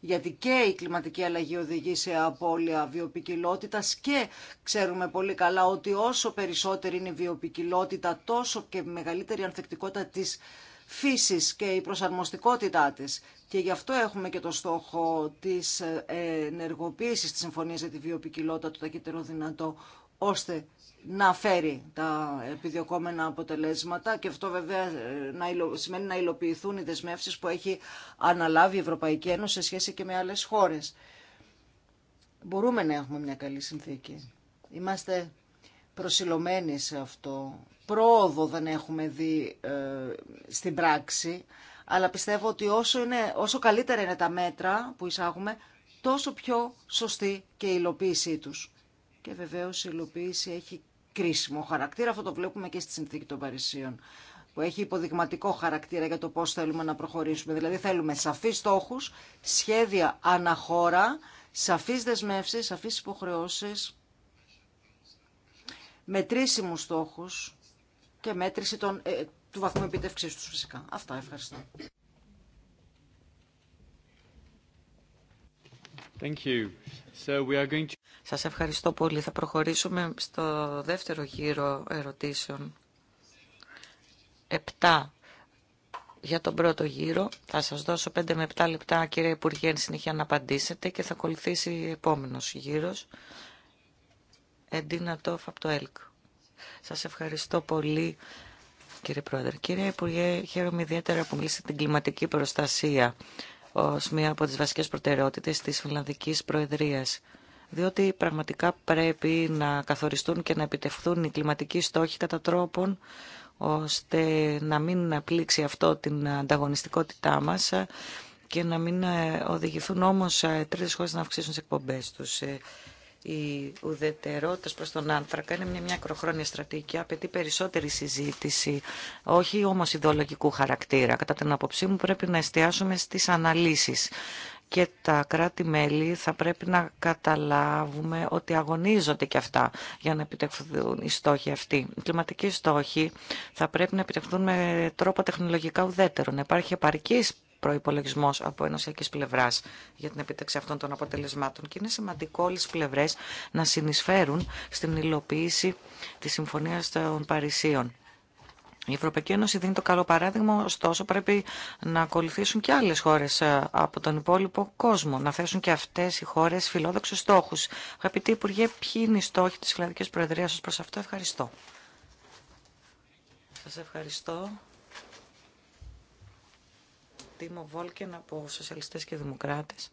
Γιατί και η κλιματική αλλαγή οδηγεί σε απώλεια βιοπικιλότητα και ξέρουμε πολύ καλά ότι όσο περισσότερη είναι η βιοπικιλότητα, τόσο και μεγαλύτερη ανθεκτικότητα τη φύσης και η προσαρμοστικότητά της. Και γι' αυτό έχουμε και το στόχο της ενεργοποίησης της συμφωνία για τη Βιοπικιλότητα το ταχύτερο δυνατό, ώστε να φέρει τα επιδιωκόμενα αποτελέσματα και αυτό βέβαια ε, να σημαίνει να υλοποιηθούν οι δεσμεύσεις που έχει αναλάβει η Ευρωπαϊκή Ένωση σε σχέση και με άλλες χώρες. Μπορούμε να έχουμε μια καλή συνθήκη. Είμαστε προσιλωμένοι σε αυτό. Πρόοδο δεν έχουμε δει ε, στην πράξη, αλλά πιστεύω ότι όσο, είναι, όσο καλύτερα είναι τα μέτρα που εισάγουμε, τόσο πιο σωστή και η υλοποίησή τους. Και βεβαίως η υλοποίηση έχει κρίσιμο χαρακτήρα. Αυτό το βλέπουμε και στη συνθήκη των Παρισίων που έχει υποδειγματικό χαρακτήρα για το πώ θέλουμε να προχωρήσουμε. Δηλαδή θέλουμε σαφείς στόχου, σχέδια αναχώρα, σαφείς δεσμεύσεις, σαφείς υποχρεώσεις, μετρήσιμους στόχου και μέτρηση των, ε, του βαθμού επίτευξή του φυσικά. Αυτά, ευχαριστώ. Σας ευχαριστώ πολύ. Θα προχωρήσουμε στο δεύτερο γύρο ερωτήσεων. Επτά για τον πρώτο γύρο. Θα σας δώσω πέντε με επτά λεπτά, κύριε Υπουργέ, εν συνεχεία να απαντήσετε και θα ακολουθήσει επόμενος γύρος. Εντίνα Τόφ από το ΕΛΚ. Σας ευχαριστώ πολύ, κύριε Πρόεδρε. Κύριε Υπουργέ, χαίρομαι ιδιαίτερα που μιλήσατε την κλιματική προστασία Ω μία από τι βασικές προτεραιότητες της φιλανδική Προεδρίας. Διότι πραγματικά πρέπει να καθοριστούν και να επιτευχθούν οι κλιματικοί στόχοι κατά τρόπον ώστε να μην πλήξει αυτό την ανταγωνιστικότητά μας και να μην ε, οδηγηθούν όμως ε, τρίτες χώρες να αυξήσουν τις εκπομπές τους. Ε, η ουδετερότητα προ τον άνθρακα είναι μια, μια στρατηγική. Απαιτεί περισσότερη συζήτηση, όχι όμω ιδεολογικού χαρακτήρα. Κατά την άποψή μου, πρέπει να εστιάσουμε στι αναλύσει. Και τα κράτη-μέλη θα πρέπει να καταλάβουμε ότι αγωνίζονται και αυτά για να επιτευχθούν οι στόχοι αυτοί. Οι κλιματικοί στόχοι θα πρέπει να επιτευχθούν με τρόπο τεχνολογικά ουδέτερο. Να υπάρχει επαρκή προπολογισμό από ενωσιακή πλευρά για την επίτευξη αυτών των αποτελεσμάτων. Και είναι σημαντικό όλε τι πλευρέ να συνεισφέρουν στην υλοποίηση τη Συμφωνία των Παρισίων. Η Ευρωπαϊκή Ένωση δίνει το καλό παράδειγμα, ωστόσο πρέπει να ακολουθήσουν και άλλες χώρες ε, από τον υπόλοιπο κόσμο, να θέσουν και αυτές οι χώρες φιλόδοξους στόχους. Αγαπητοί Υπουργέ, ποιοι είναι οι στόχοι της Φιλανδικής Προεδρίας σας προς αυτό. Ευχαριστώ. Σας ευχαριστώ ο Βόλκεν από Σοσιαλιστές και Δημοκράτες.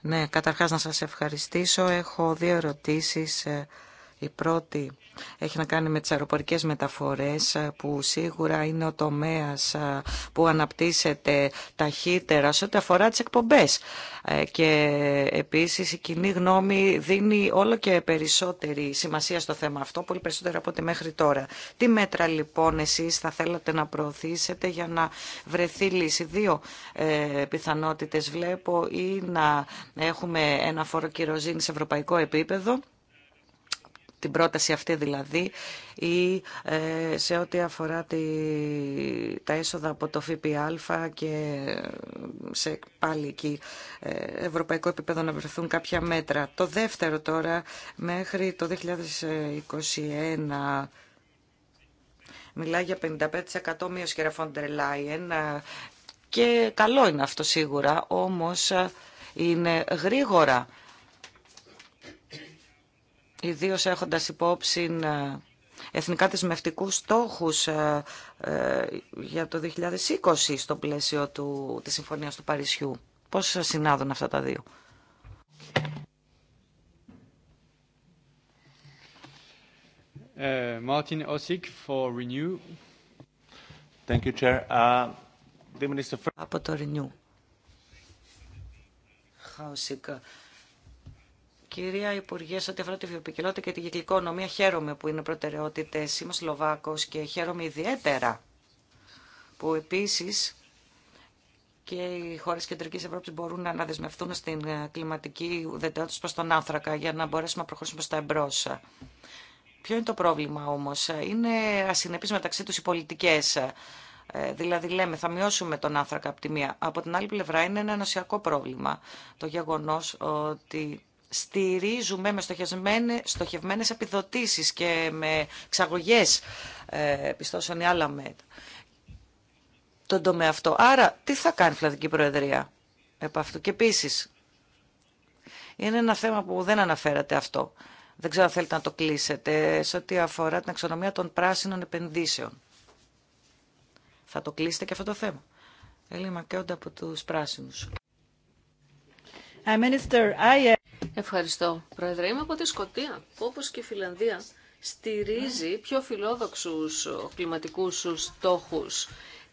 Ναι, καταρχάς να σας ευχαριστήσω. Έχω δύο ερωτήσεις ε, η πρώτη έχει να κάνει με τις αεροπορικές μεταφορές που σίγουρα είναι ο τομέας που αναπτύσσεται ταχύτερα σε ό,τι αφορά τις εκπομπές. Ε, και επίσης η κοινή γνώμη δίνει όλο και περισσότερη σημασία στο θέμα αυτό, πολύ περισσότερο από ό,τι μέχρι τώρα. Τι μέτρα λοιπόν εσείς θα θέλατε να προωθήσετε για να βρεθεί λύση. Δύο ε, πιθανότητες βλέπω ή να έχουμε ένα φόρο σε ευρωπαϊκό επίπεδο την πρόταση αυτή δηλαδή ή ε, σε ό,τι αφορά τη, τα έσοδα από το ΦΠΑ και ε, σε πάλι εκεί ε, ευρωπαϊκό επίπεδο να βρεθούν κάποια μέτρα. Το δεύτερο τώρα μέχρι το 2021 μιλάει για 55% μείωση κύριε Φόντερ Λάιεν και καλό είναι αυτό σίγουρα, όμως είναι γρήγορα ιδίως έχοντας υπόψη ε, εθνικά δεσμευτικούς στόχους ε, ε, για το 2020 στο πλαίσιο του, της Συμφωνίας του Παρισιού. Πώς συνάδουν αυτά τα δύο. Uh, Martin Osik for Renew. Thank you, Chair. Uh, the Minister... Από το Renew. Κυρία Υπουργέ, σε ό,τι αφορά τη βιοποικιλότητα και την κυκλική οικονομία, χαίρομαι που είναι προτεραιότητε. Είμαι Σλοβάκο και χαίρομαι ιδιαίτερα που επίση και οι χώρε Κεντρική Ευρώπη μπορούν να αναδεσμευτούν στην ε, κλιματική ουδετερότητα προ τον άνθρακα για να μπορέσουμε να προχωρήσουμε στα τα εμπρό. Ποιο είναι το πρόβλημα όμω, Είναι ασυνεπεί μεταξύ του οι πολιτικέ. Ε, δηλαδή λέμε θα μειώσουμε τον άνθρακα από τη μία. Από την άλλη πλευρά είναι ένα ενωσιακό πρόβλημα το γεγονό ότι στηρίζουμε με στοχευμένες επιδοτήσεις και με εξαγωγές ε, πιστώσεων ή άλλα μέτρα τον τομέα αυτό. Άρα, τι θα κάνει η Φλαδική Προεδρία επ' αυτού. Και επίση, είναι ένα θέμα που δεν αναφέρατε αυτό. Δεν ξέρω αν θέλετε να το κλείσετε σε ό,τι αφορά την αξιονομία των πράσινων επενδύσεων. Θα το κλείσετε και αυτό το θέμα. Έλλη Μακέοντα από τους πράσινους. I... Uh, Ευχαριστώ, Πρόεδρε. Είμαι από τη Σκοτία, που όπως και η Φιλανδία στηρίζει ναι. πιο φιλόδοξους κλιματικούς στόχους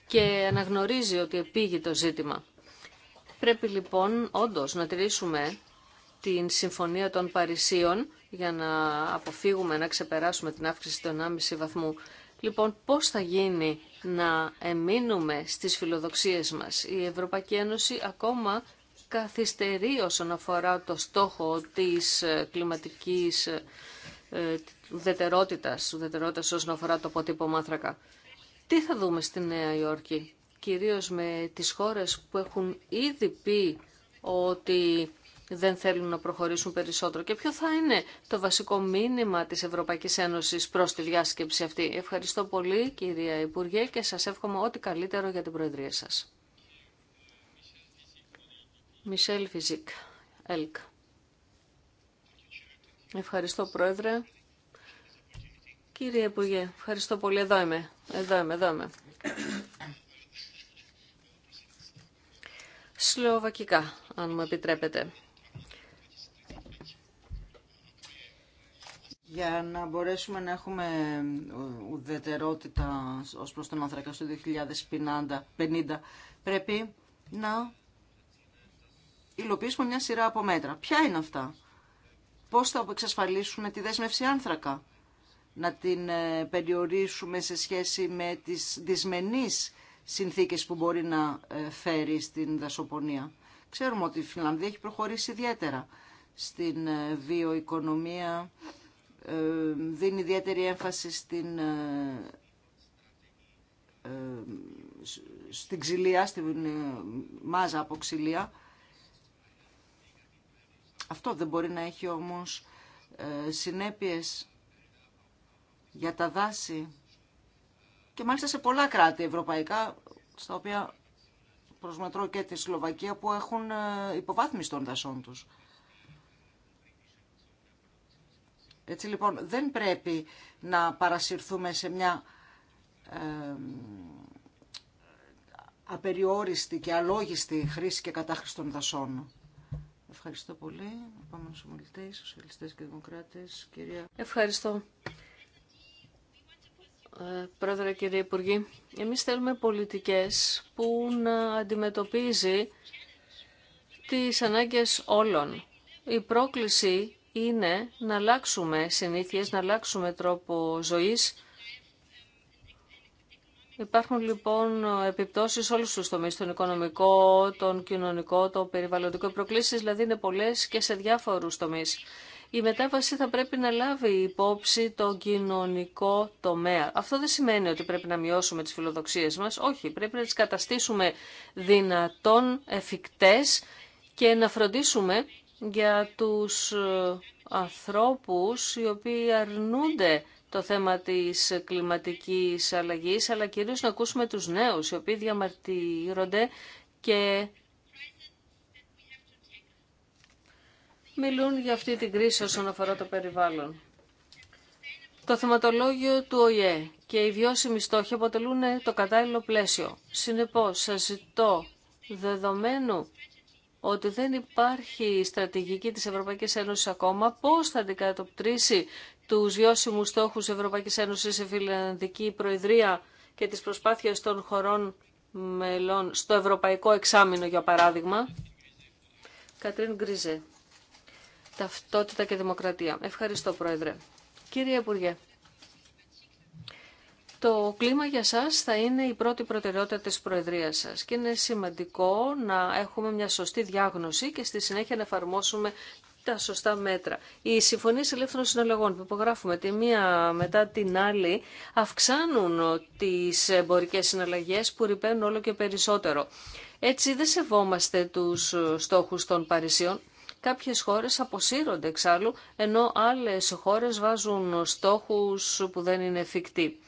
και αναγνωρίζει ότι επήγει το ζήτημα. Πρέπει λοιπόν όντως να τηρήσουμε την Συμφωνία των Παρισίων για να αποφύγουμε να ξεπεράσουμε την αύξηση των 1,5 βαθμού. Λοιπόν, πώς θα γίνει να εμείνουμε στις φιλοδοξίες μας. Η Ευρωπαϊκή Ένωση ακόμα καθυστερεί όσον αφορά το στόχο της ε, κλιματικής ε, ε, ουδετερότητας, ουδετερότητας όσον αφορά το αποτύπωμα Μάθρακα. Τι θα δούμε στη Νέα Υόρκη, κυρίως με τις χώρες που έχουν ήδη πει ότι δεν θέλουν να προχωρήσουν περισσότερο. Και ποιο θα είναι το βασικό μήνυμα της Ευρωπαϊκής Ένωσης προς τη διάσκεψη αυτή. Ευχαριστώ πολύ κυρία Υπουργέ και σας εύχομαι ό,τι καλύτερο για την Προεδρία σας. Μισελ Φιζίκ, ΕΛΚ. Ευχαριστώ, Πρόεδρε. Κύριε Υπουργέ, ευχαριστώ πολύ. Εδώ είμαι. Εδώ είμαι, εδώ είμαι. Σλοβακικά, αν μου επιτρέπετε. Για να μπορέσουμε να έχουμε ουδετερότητα ως προς τον ανθρακά στο 2050, πρέπει να υλοποιήσουμε μια σειρά από μέτρα. Ποια είναι αυτά. Πώς θα εξασφαλίσουμε τη δέσμευση άνθρακα. Να την ε, περιορίσουμε σε σχέση με τις δυσμενείς συνθήκες που μπορεί να ε, φέρει στην δασοπονία. Ξέρουμε ότι η Φιλανδία έχει προχωρήσει ιδιαίτερα στην ε, βιοοικονομία, δίνει ιδιαίτερη έμφαση στην, στην ξυλία, στην μάζα από ξυλία αυτό δεν μπορεί να έχει όμως ε, συνέπειες για τα δάση και μάλιστα σε πολλά κράτη ευρωπαϊκά, στα οποία προσμετρώ και τη Σλοβακία, που έχουν ε, υποβάθμιση των δασών τους. Έτσι λοιπόν δεν πρέπει να παρασυρθούμε σε μια ε, απεριόριστη και αλόγιστη χρήση και κατάχρηση των δασών. Ευχαριστώ πολύ. Πάμε στου ομιλητέ, Σοσιαλιστέ και Δημοκράτε, κυρία. Ευχαριστώ. Ε, πρόεδρε, κύριε Υπουργή, εμείς θέλουμε πολιτικές που να αντιμετωπίζει τις ανάγκες όλων. Η πρόκληση είναι να αλλάξουμε συνήθειες, να αλλάξουμε τρόπο ζωής, Υπάρχουν λοιπόν επιπτώσεις σε όλους τους τομείς, τον οικονομικό, τον κοινωνικό, το περιβαλλοντικό. Οι προκλήσεις δηλαδή είναι πολλέ και σε διάφορους τομείς. Η μετάβαση θα πρέπει να λάβει υπόψη τον κοινωνικό τομέα. Αυτό δεν σημαίνει ότι πρέπει να μειώσουμε τις φιλοδοξίες μας. Όχι, πρέπει να τι καταστήσουμε δυνατόν εφικτέ και να φροντίσουμε για τους ε, ανθρώπους οι οποίοι αρνούνται το θέμα της κλιματικής αλλαγής, αλλά κυρίως να ακούσουμε τους νέους, οι οποίοι διαμαρτύρονται και μιλούν για αυτή την κρίση όσον αφορά το περιβάλλον. Το θεματολόγιο του ΟΗΕ και οι βιώσιμοι στόχοι αποτελούν το κατάλληλο πλαίσιο. Συνεπώς, σας ζητώ δεδομένου ότι δεν υπάρχει στρατηγική της Ευρωπαϊκής Ένωσης ακόμα, πώς θα αντικατοπτρήσει τους βιώσιμους στόχου Ευρωπαϊκή Ένωση σε Φιλανδική Προεδρία και τις προσπάθειες των χωρών μελών στο Ευρωπαϊκό Εξάμεινο, για παράδειγμα. Κατρίν Γκριζέ. Ταυτότητα και Δημοκρατία. Ευχαριστώ, Πρόεδρε. Κύριε Υπουργέ, το κλίμα για σας θα είναι η πρώτη προτεραιότητα της Προεδρίας σας και είναι σημαντικό να έχουμε μια σωστή διάγνωση και στη συνέχεια να εφαρμόσουμε τα σωστά μέτρα. Οι συμφωνίε ελεύθερων συναλλαγών που υπογράφουμε τη μία μετά την άλλη αυξάνουν τι εμπορικέ συναλλαγέ που ρηπαίνουν όλο και περισσότερο. Έτσι δεν σεβόμαστε του στόχου των Παρισιών. Κάποιες χώρες αποσύρονται εξάλλου, ενώ άλλες χώρες βάζουν στόχους που δεν είναι εφικτοί.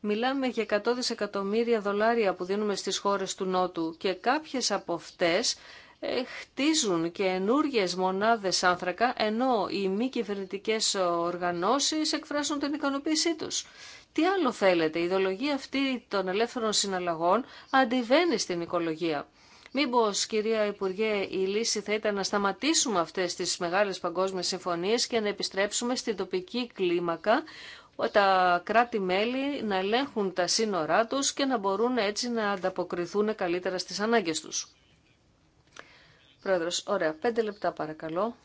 Μιλάμε για 100 δισεκατομμύρια δολάρια που δίνουμε στις χώρες του Νότου και κάποιες από αυτές ε, χτίζουν καινούριε μονάδες άνθρακα, ενώ οι μη κυβερνητικέ οργανώσεις εκφράσουν την ικανοποίησή τους. Τι άλλο θέλετε, η ιδεολογία αυτή των ελεύθερων συναλλαγών αντιβαίνει στην οικολογία. Μήπως, κυρία Υπουργέ, η λύση θα ήταν να σταματήσουμε αυτές τις μεγάλες παγκόσμιες συμφωνίες και να επιστρέψουμε στην τοπική κλίμακα, τα κράτη-μέλη να ελέγχουν τα σύνορά τους και να μπορούν έτσι να ανταποκριθούν καλύτερα στι ανάγκες τους. Πρόεδρος, ωραία, πέντε λεπτά παρακαλώ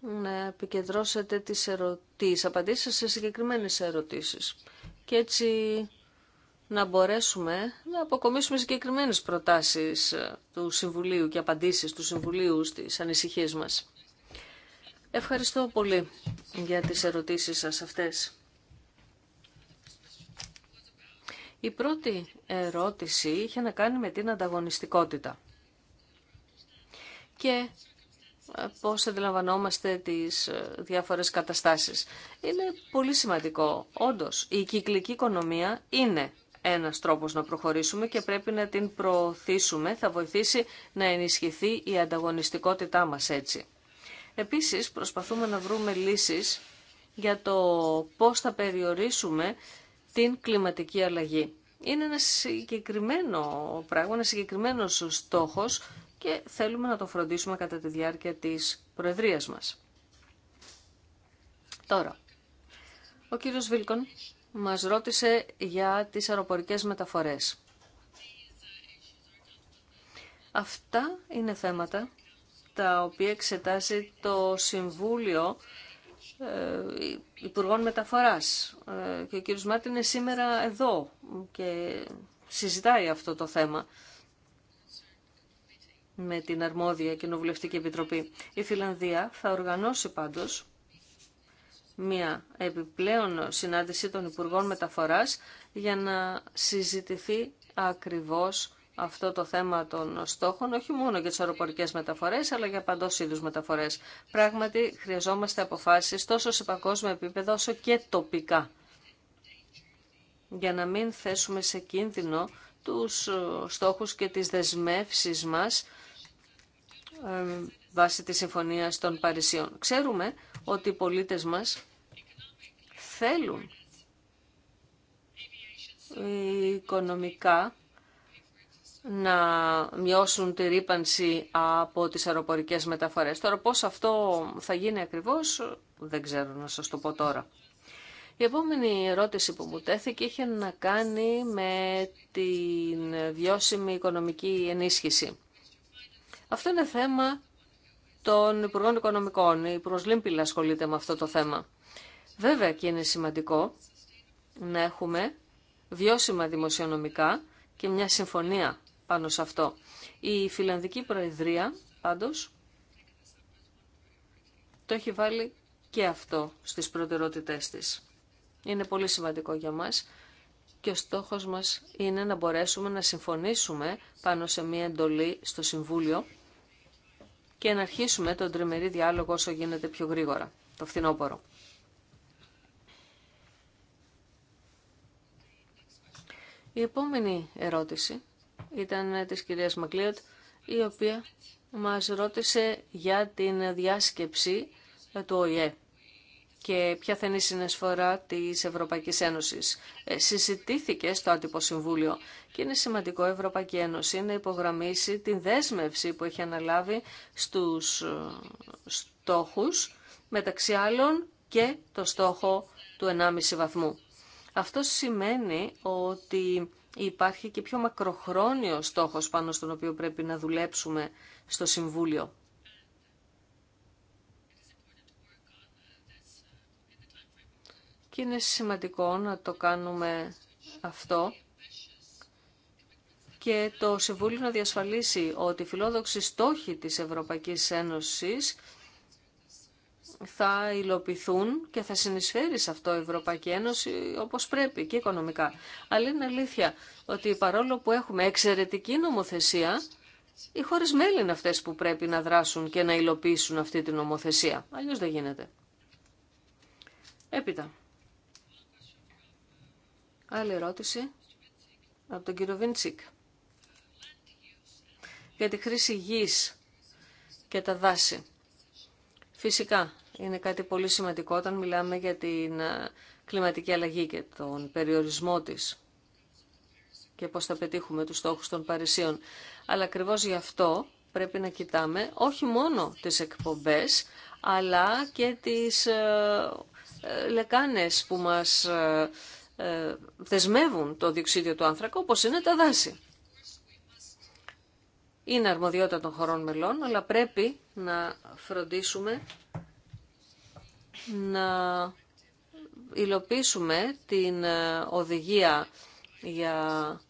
να επικεντρώσετε τις ερωτήσεις, απαντήσεις σε συγκεκριμένες ερωτήσεις. Και έτσι να μπορέσουμε να αποκομίσουμε συγκεκριμένες προτάσεις ε, του Συμβουλίου και απαντήσεις του Συμβουλίου στις ανησυχίες μας. Ευχαριστώ πολύ για τις ερωτήσεις σας αυτές. Η πρώτη ερώτηση είχε να κάνει με την ανταγωνιστικότητα και ε, πώς αντιλαμβανόμαστε τις ε, διάφορες καταστάσεις. Είναι πολύ σημαντικό. Όντως, η κυκλική οικονομία είναι ένας τρόπος να προχωρήσουμε και πρέπει να την προωθήσουμε. Θα βοηθήσει να ενισχυθεί η ανταγωνιστικότητά μας έτσι. Επίσης, προσπαθούμε να βρούμε λύσεις για το πώς θα περιορίσουμε την κλιματική αλλαγή. Είναι ένα συγκεκριμένο πράγμα, ένα συγκεκριμένο στόχος και θέλουμε να το φροντίσουμε κατά τη διάρκεια της προεδρίας μας. Τώρα, ο κύριος Βίλκον μας ρώτησε για τις αεροπορικές μεταφορές. Αυτά είναι θέματα τα οποία εξετάζει το Συμβούλιο ε, Υπουργών Μεταφοράς. Ε, και ο κύριος Μάρτιν είναι σήμερα εδώ και συζητάει αυτό το θέμα με την αρμόδια Κοινοβουλευτική Επιτροπή. Η Φιλανδία θα οργανώσει πάντως μια επιπλέον συνάντηση των Υπουργών Μεταφοράς για να συζητηθεί ακριβώς αυτό το θέμα των στόχων, όχι μόνο για τις αεροπορικές μεταφορές, αλλά για παντός είδους μεταφορές. Πράγματι, χρειαζόμαστε αποφάσεις τόσο σε παγκόσμιο επίπεδο, όσο και τοπικά, για να μην θέσουμε σε κίνδυνο τους στόχους και τις δεσμεύσεις μας ε, βάσει της Συμφωνίας των Παρισιών. Ξέρουμε ότι οι πολίτες μας θέλουν οικονομικά να μειώσουν τη ρήπανση από τις αεροπορικές μεταφορές. Τώρα πώς αυτό θα γίνει ακριβώς δεν ξέρω να σας το πω τώρα. Η επόμενη ερώτηση που μου τέθηκε είχε να κάνει με την βιώσιμη οικονομική ενίσχυση. Αυτό είναι θέμα των Υπουργών Οικονομικών. Η Υπουργός Λίμπηλα ασχολείται με αυτό το θέμα. Βέβαια και είναι σημαντικό να έχουμε βιώσιμα δημοσιονομικά και μια συμφωνία πάνω σε αυτό. Η Φιλανδική Προεδρία, πάντως, το έχει βάλει και αυτό στις προτεραιότητές της. Είναι πολύ σημαντικό για μας και ο στόχος μας είναι να μπορέσουμε να συμφωνήσουμε πάνω σε μια εντολή στο Συμβούλιο και να αρχίσουμε τον τριμερή διάλογο όσο γίνεται πιο γρήγορα, το φθινόπωρο. Η επόμενη ερώτηση ήταν της κυρίας Μακλίωτ, η οποία μας ρώτησε για την διάσκεψη του ΟΗΕ και ποια θα είναι η συνεισφορά της Ευρωπαϊκής Ένωσης. Ε, συζητήθηκε στο Άτυπο Συμβούλιο και είναι σημαντικό η Ευρωπαϊκή Ένωση να υπογραμμίσει την δέσμευση που έχει αναλάβει στους ε, στόχους, μεταξύ άλλων και το στόχο του 1,5 βαθμού. Αυτό σημαίνει ότι υπάρχει και πιο μακροχρόνιο στόχος πάνω στον οποίο πρέπει να δουλέψουμε στο Συμβούλιο. και είναι σημαντικό να το κάνουμε αυτό και το Συμβούλιο να διασφαλίσει ότι οι φιλόδοξοι στόχοι της Ευρωπαϊκής Ένωσης θα υλοποιηθούν και θα συνεισφέρει σε αυτό η Ευρωπαϊκή Ένωση όπως πρέπει και οικονομικά. Αλλά είναι αλήθεια ότι παρόλο που έχουμε εξαιρετική νομοθεσία, οι χώρες μέλη είναι αυτές που πρέπει να δράσουν και να υλοποιήσουν αυτή την νομοθεσία. Αλλιώς δεν γίνεται. Έπειτα. Άλλη ερώτηση από τον κύριο Βίντσικ για τη χρήση γης και τα δάση. Φυσικά είναι κάτι πολύ σημαντικό όταν μιλάμε για την ε, κλιματική αλλαγή και τον περιορισμό της και πώς θα πετύχουμε τους στόχους των Παρισίων. Αλλά ακριβώ γι' αυτό πρέπει να κοιτάμε όχι μόνο τις εκπομπές, αλλά και τις ε, ε, λεκάνες που μας ε, δεσμεύουν το διοξίδιο του άνθρακα, όπως είναι τα δάση. Είναι αρμοδιότητα των χωρών μελών, αλλά πρέπει να φροντίσουμε να υλοποιήσουμε την ε, οδηγία για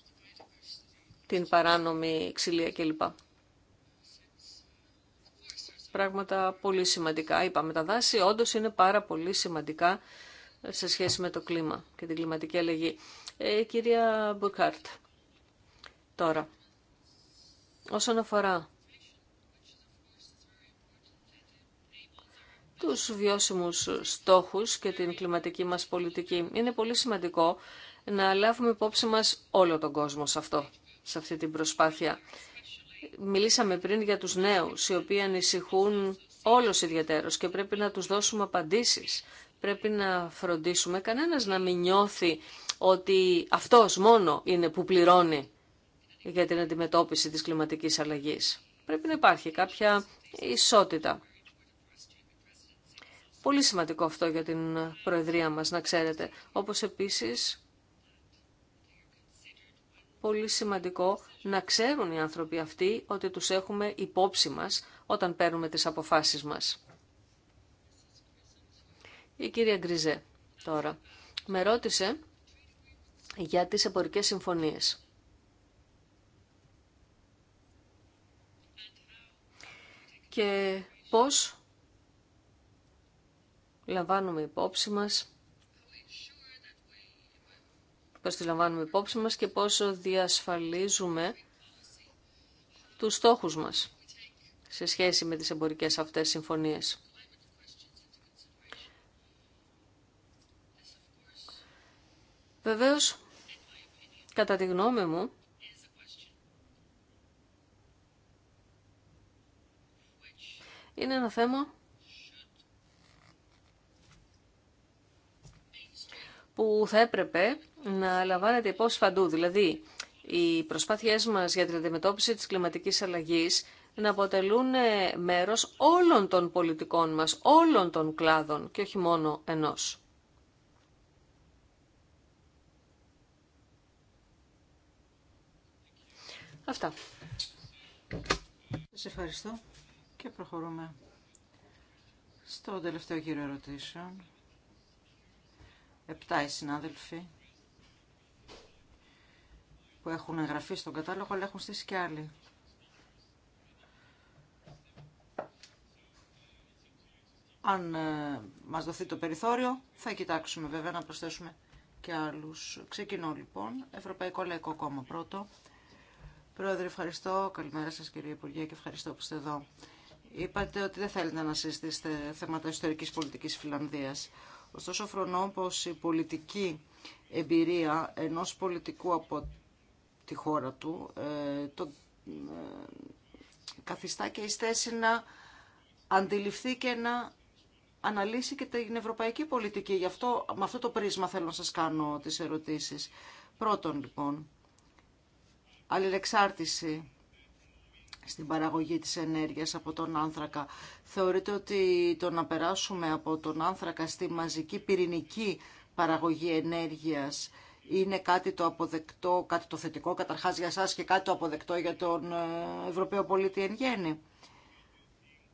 την παράνομη ξυλία κλπ. Πράγματα πολύ σημαντικά. Είπαμε τα δάση όντως είναι πάρα πολύ σημαντικά σε σχέση με το κλίμα και την κλιματική αλλαγή. Ε, κυρία Μπουκάρτ τώρα, όσον αφορά τους βιώσιμους στόχους και την κλιματική μας πολιτική, είναι πολύ σημαντικό να λάβουμε υπόψη μας όλο τον κόσμο σε αυτό, σε αυτή την προσπάθεια. Μιλήσαμε πριν για τους νέους, οι οποίοι ανησυχούν όλος ιδιαίτερος και πρέπει να τους δώσουμε απαντήσεις πρέπει να φροντίσουμε κανένας να μην νιώθει ότι αυτός μόνο είναι που πληρώνει για την αντιμετώπιση της κλιματικής αλλαγής. Πρέπει να υπάρχει κάποια ισότητα. Πολύ σημαντικό αυτό για την Προεδρία μας, να ξέρετε. Όπως επίσης, πολύ σημαντικό να ξέρουν οι άνθρωποι αυτοί ότι τους έχουμε υπόψη μας όταν παίρνουμε τις αποφάσεις μας. Η κυρία Γκριζέ τώρα με ρώτησε για τις εμπορικές συμφωνίες. Και πώς λαμβάνουμε υπόψη μας πώς τη λαμβάνουμε μας και πώς διασφαλίζουμε τους στόχους μας σε σχέση με τις εμπορικές αυτές συμφωνίες. Βεβαίως, κατά τη γνώμη μου, είναι ένα θέμα που θα έπρεπε να λαμβάνεται υπόψη φαντού. Δηλαδή, οι προσπάθειές μας για την αντιμετώπιση της κλιματικής αλλαγής να αποτελούν μέρος όλων των πολιτικών μας, όλων των κλάδων και όχι μόνο ενός. Αυτά. Σας ευχαριστώ και προχωρούμε στο τελευταίο γύρο ερωτήσεων. Επτά οι συνάδελφοι που έχουν εγγραφεί στον κατάλογο, αλλά έχουν στήσει και άλλοι. Αν ε, μας δοθεί το περιθώριο, θα κοιτάξουμε βέβαια να προσθέσουμε και άλλους. Ξεκινώ λοιπόν. Ευρωπαϊκό Λαϊκό Κόμμα πρώτο. Πρόεδρε, ευχαριστώ. Καλημέρα σας κύριε Υπουργέ και ευχαριστώ που είστε εδώ. Είπατε ότι δεν θέλετε να συζητήσετε θέματα ιστορικής πολιτικής Φιλανδία. Ωστόσο φρονώ πως η πολιτική εμπειρία ενό πολιτικού από τη χώρα του ε, το ε, καθιστά και η θέση να αντιληφθεί και να αναλύσει και την ευρωπαϊκή πολιτική. Γι' αυτό με αυτό το πρίσμα θέλω να σας κάνω τις ερωτήσεις. Πρώτον λοιπόν, αλληλεξάρτηση στην παραγωγή της ενέργειας από τον άνθρακα. Θεωρείτε ότι το να περάσουμε από τον άνθρακα στη μαζική πυρηνική παραγωγή ενέργειας είναι κάτι το αποδεκτό, κάτι το θετικό καταρχάς για σας και κάτι το αποδεκτό για τον ε, Ευρωπαίο πολίτη εν γέννη.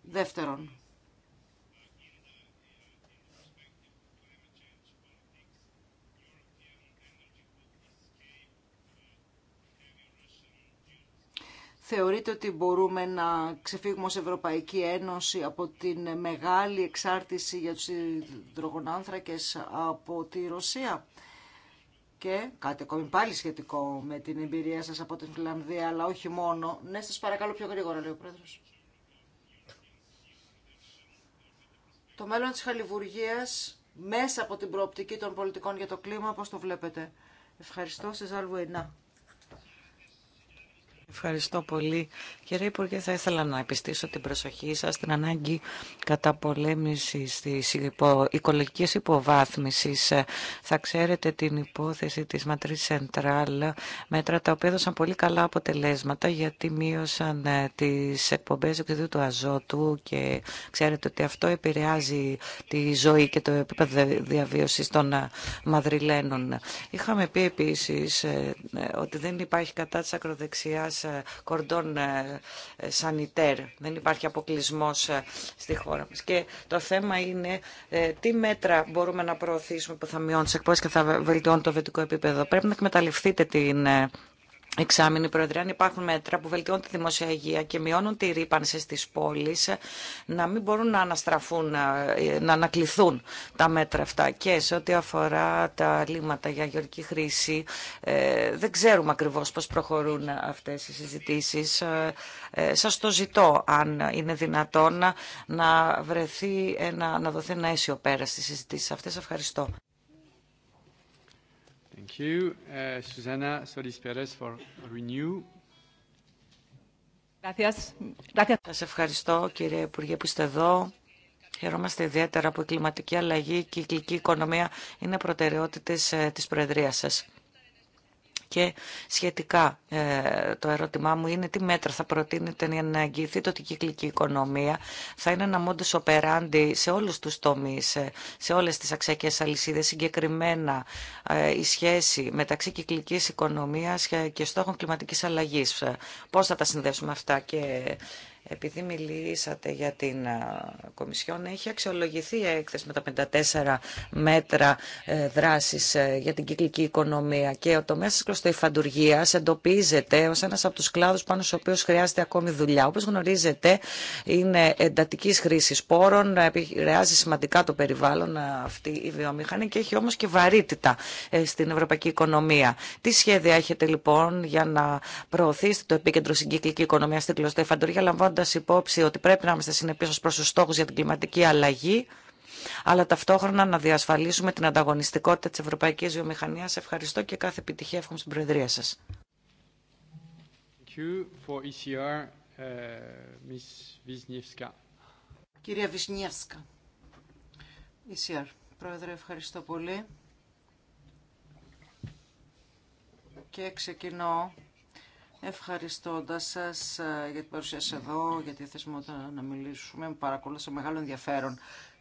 Δεύτερον, Θεωρείτε ότι μπορούμε να ξεφύγουμε ως Ευρωπαϊκή Ένωση από την μεγάλη εξάρτηση για τους υδρογονάνθρακες από τη Ρωσία. Και κάτι ακόμη πάλι σχετικό με την εμπειρία σας από την Φιλανδία, αλλά όχι μόνο. Ναι, σας παρακαλώ πιο γρήγορα, λέει ο Πρόεδρος. Το μέλλον της χαλιβουργίας μέσα από την προοπτική των πολιτικών για το κλίμα, πώς το βλέπετε. Ευχαριστώ, Σε Βουενά. Ευχαριστώ πολύ. Κύριε Υπουργέ, θα ήθελα να επιστήσω την προσοχή σας στην ανάγκη καταπολέμησης της υπο... οικολογικής υποβάθμισης. Θα ξέρετε την υπόθεση της Ματρί Σεντράλ, μέτρα τα οποία έδωσαν πολύ καλά αποτελέσματα γιατί μείωσαν ε, τις εκπομπές οξυδίου του αζότου και ξέρετε ότι αυτό επηρεάζει τη ζωή και το επίπεδο διαβίωσης των ε, Μαδριλένων. Είχαμε πει επίσης ε, ότι δεν υπάρχει κατά της ακροδεξιάς ε, κορντών ε, ε, σανιτέρ. Δεν υπάρχει αποκλεισμό στη χώρα μας. Και το θέμα είναι τι μέτρα μπορούμε να προωθήσουμε που θα μειώνουν τι εκπόσει και θα βελτιώνουν το βετικό επίπεδο. Πρέπει να εκμεταλλευτείτε την Εξάμεινη Πρόεδρε, αν υπάρχουν μέτρα που βελτιώνουν τη δημόσια υγεία και μειώνουν τη ρήπανση στις πόλεις, να μην μπορούν να αναστραφούν, ε, να ανακληθούν τα μέτρα αυτά. Και σε ό,τι αφορά τα λίμματα για γεωργική χρήση, ε, δεν ξέρουμε ακριβώς πώς προχωρούν αυτές οι συζητήσεις. Ε, σας το ζητώ, αν είναι δυνατόν, να βρεθεί, να δοθεί ένα αίσιο πέρα στις συζητήσεις αυτές. Ευχαριστώ. Thank uh, Σας ευχαριστώ κύριε Υπουργέ που είστε εδώ. Χαιρόμαστε ιδιαίτερα που η κλιματική αλλαγή και η κυκλική οικονομία είναι προτεραιότητες ε, της Προεδρίας σας. Και σχετικά ε, το ερώτημά μου είναι τι μέτρα θα προτείνετε για να το ότι η κυκλική οικονομία θα είναι ένα modus operandi σε όλους τους τομείς, ε, σε όλες τις αξιακές αλυσίδες, συγκεκριμένα ε, η σχέση μεταξύ κυκλικής οικονομίας και στόχων κλιματικής αλλαγής. Πώς θα τα συνδέσουμε αυτά και επειδή μιλήσατε για την Κομισιόν, έχει αξιολογηθεί η έκθεση με τα 54 μέτρα ε, δράσης ε, για την κυκλική οικονομία και ο τομέας της κλωστοϊφαντουργίας εντοπίζεται ως ένας από τους κλάδους πάνω στους οποίους χρειάζεται ακόμη δουλειά. Όπως γνωρίζετε, είναι εντατική χρήση πόρων, επηρεάζει σημαντικά το περιβάλλον ε, αυτή η βιομηχανία και έχει όμως και βαρύτητα στην ευρωπαϊκή οικονομία. Τι σχέδια έχετε λοιπόν για να προωθήσετε το επίκεντρο στην κυκλική οικονομία στην κλωστοϊφαντουργία, λαμβάνοντα υπόψη ότι πρέπει να είμαστε συνεπείς προ προς τους στόχους για την κλιματική αλλαγή, αλλά ταυτόχρονα να διασφαλίσουμε την ανταγωνιστικότητα της ευρωπαϊκής Βιομηχανία. Ευχαριστώ και κάθε επιτυχία εύχομαι στην Προεδρία σα. E ε, Κυρία ECR. E ευχαριστώ πολύ. Και ξεκινώ ευχαριστώντας σας ε, για την παρουσία σας εδώ, για τη θεσμότητα να μιλήσουμε. Παρακολούθησα μεγάλο ενδιαφέρον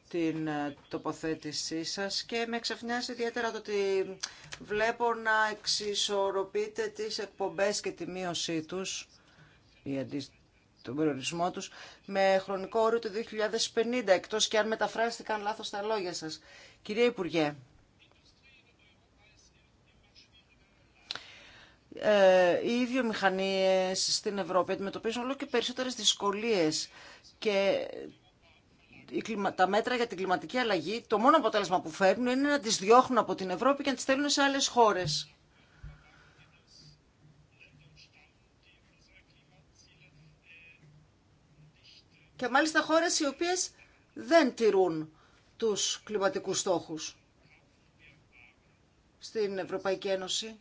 την ε, τοποθέτησή σας και με ξεφνιάζει ιδιαίτερα το ότι βλέπω να εξισορροπείτε τις εκπομπές και τη μείωσή τους ή τον περιορισμό τους με χρονικό όριο του 2050 εκτός και αν μεταφράστηκαν λάθος τα λόγια σας. Κυρία Υπουργέ, Ε, οι μηχανίε στην Ευρώπη αντιμετωπίζουν όλο και περισσότερες δυσκολίες και τα μέτρα για την κλιματική αλλαγή, το μόνο αποτέλεσμα που φέρνουν είναι να τις διώχνουν από την Ευρώπη και να τις στέλνουν σε άλλες χώρες. Και μάλιστα χώρες οι οποίες δεν τηρούν τους κλιματικούς στόχους στην Ευρωπαϊκή Ένωση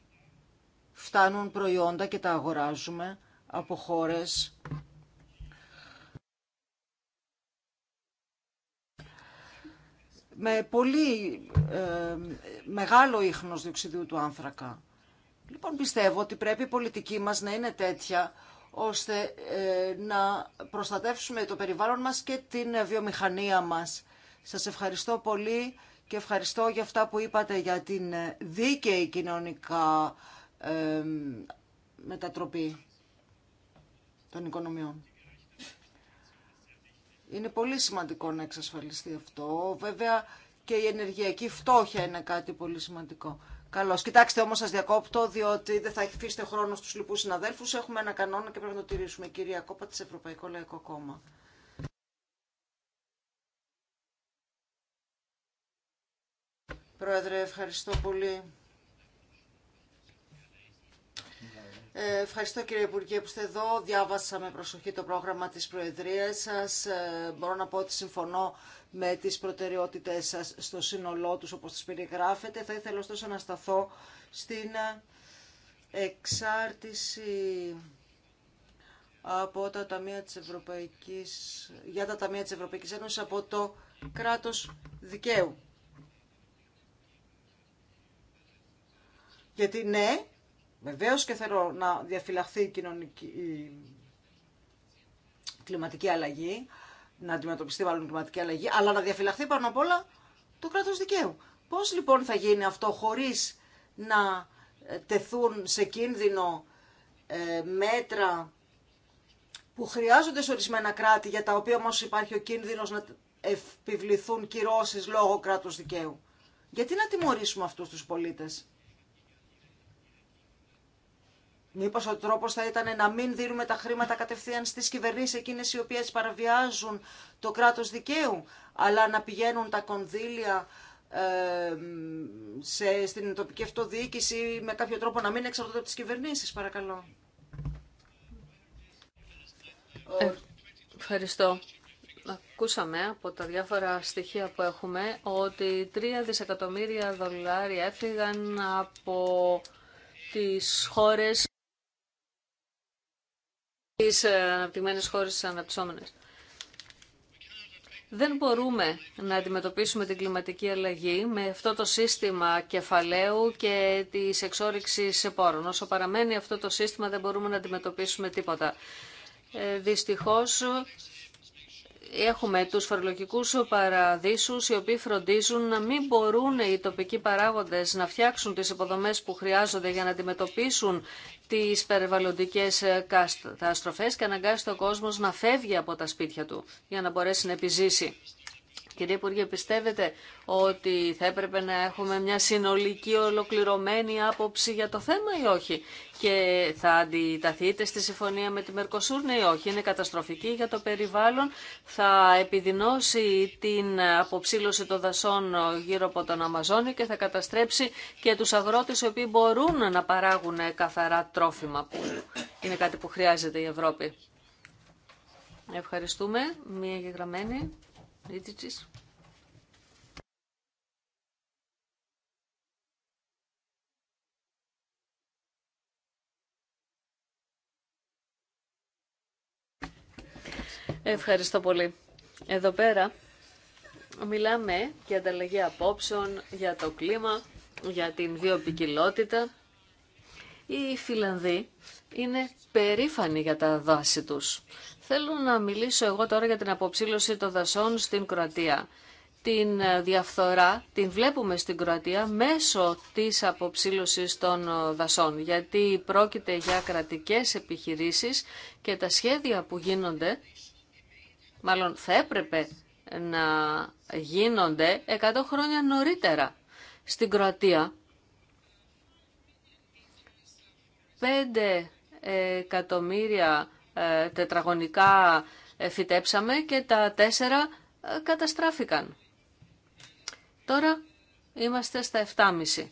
φτάνουν προϊόντα και τα αγοράζουμε από χώρες με πολύ ε, μεγάλο ίχνος διοξιδίου του άνθρακα. Λοιπόν, πιστεύω ότι πρέπει η πολιτική μας να είναι τέτοια ώστε ε, να προστατεύσουμε το περιβάλλον μας και την βιομηχανία μας. Σας ευχαριστώ πολύ και ευχαριστώ για αυτά που είπατε για την ε, δίκαιη κοινωνικά μετατροπή των οικονομιών. Είναι πολύ σημαντικό να εξασφαλιστεί αυτό. Βέβαια και η ενεργειακή φτώχεια είναι κάτι πολύ σημαντικό. Καλώς. Κοιτάξτε όμως σας διακόπτω, διότι δεν θα αφήσετε χρόνο στους λοιπούς συναδέλφους. Έχουμε ένα κανόνα και πρέπει να το τηρήσουμε. Κυρία Κόπα της Ευρωπαϊκό Λαϊκό Κόμμα. Πρόεδρε, ευχαριστώ πολύ. Ευχαριστώ κύριε Υπουργέ που είστε εδώ. Διάβασα με προσοχή το πρόγραμμα της Προεδρίας σας. Ε, μπορώ να πω ότι συμφωνώ με τις προτεραιότητες σας στο σύνολό τους όπως τις περιγράφετε. Θα ήθελα ωστόσο να σταθώ στην ε, εξάρτηση από τα ταμεία της Ευρωπαϊκής, για τα Ταμεία της Ευρωπαϊκής Ένωσης από το κράτος δικαίου. Γιατί ναι, Βεβαίως και θέλω να διαφυλαχθεί η, κοινωνική, η κλιματική αλλαγή, να αντιμετωπιστεί μάλλον η κλιματική αλλαγή, αλλά να διαφυλαχθεί πάνω απ' όλα το κράτος δικαίου. Πώς λοιπόν θα γίνει αυτό χωρίς να ε, τεθούν σε κίνδυνο ε, μέτρα που χρειάζονται σε ορισμένα κράτη, για τα οποία όμως υπάρχει ο κίνδυνος να επιβληθούν κυρώσεις λόγω κράτους δικαίου. Γιατί να τιμωρήσουμε αυτούς τους πολίτες. Μήπω ο τρόπο θα ήταν να μην δίνουμε τα χρήματα κατευθείαν στι κυβερνήσει εκείνε οι οποίε παραβιάζουν το κράτο δικαίου, αλλά να πηγαίνουν τα κονδύλια ε, σε, στην τοπική αυτοδιοίκηση με κάποιο τρόπο να μην εξαρτώνται από τι κυβερνήσει, παρακαλώ. Ε, ευχαριστώ. Ακούσαμε από τα διάφορα στοιχεία που έχουμε ότι 3 δισεκατομμύρια δολάρια έφυγαν από τις χώρες τις ε, αναπτυγμένες χώρες τις αναπτυσσόμενες. Δεν μπορούμε να αντιμετωπίσουμε την κλιματική αλλαγή με αυτό το σύστημα κεφαλαίου και της εξόριξης πόρων. Όσο παραμένει αυτό το σύστημα δεν μπορούμε να αντιμετωπίσουμε τίποτα. Ε, δυστυχώς έχουμε τους φορολογικούς παραδείσους οι οποίοι φροντίζουν να μην μπορούν οι τοπικοί παράγοντες να φτιάξουν τις υποδομές που χρειάζονται για να αντιμετωπίσουν τις περιβαλλοντικές καταστροφές και αναγκάζει τον κόσμος να φεύγει από τα σπίτια του για να μπορέσει να επιζήσει. Κύριε Υπουργέ, πιστεύετε ότι θα έπρεπε να έχουμε μια συνολική ολοκληρωμένη άποψη για το θέμα ή όχι και θα αντιταθείτε στη συμφωνία με τη Μερκοσούρ ναι ή όχι. Είναι καταστροφική για το περιβάλλον, θα επιδεινώσει την αποψήλωση των δασών γύρω από τον Αμαζόνιο και θα καταστρέψει και τους αγρότες οι οποίοι μπορούν να παράγουν καθαρά τρόφιμα που είναι κάτι που χρειάζεται η Ευρώπη. Ευχαριστούμε. Μία γεγραμμένη. Ευχαριστώ πολύ. Εδώ πέρα μιλάμε για ανταλλαγή απόψεων, για το κλίμα, για την βιοπικιλότητα. Οι Φιλανδοί είναι περήφανοι για τα δάση τους. Θέλω να μιλήσω εγώ τώρα για την αποψήλωση των δασών στην Κροατία. Την ε, διαφθορά την βλέπουμε στην Κροατία μέσω της αποψήλωσης των ε, δασών, γιατί πρόκειται για κρατικές επιχειρήσεις και τα σχέδια που γίνονται, μάλλον θα έπρεπε να γίνονται 100 χρόνια νωρίτερα. Στην Κροατία 5 εκατομμύρια ε, τετραγωνικά ε, φυτέψαμε και τα τέσσερα ε, καταστράφηκαν. Τώρα είμαστε στα 7,5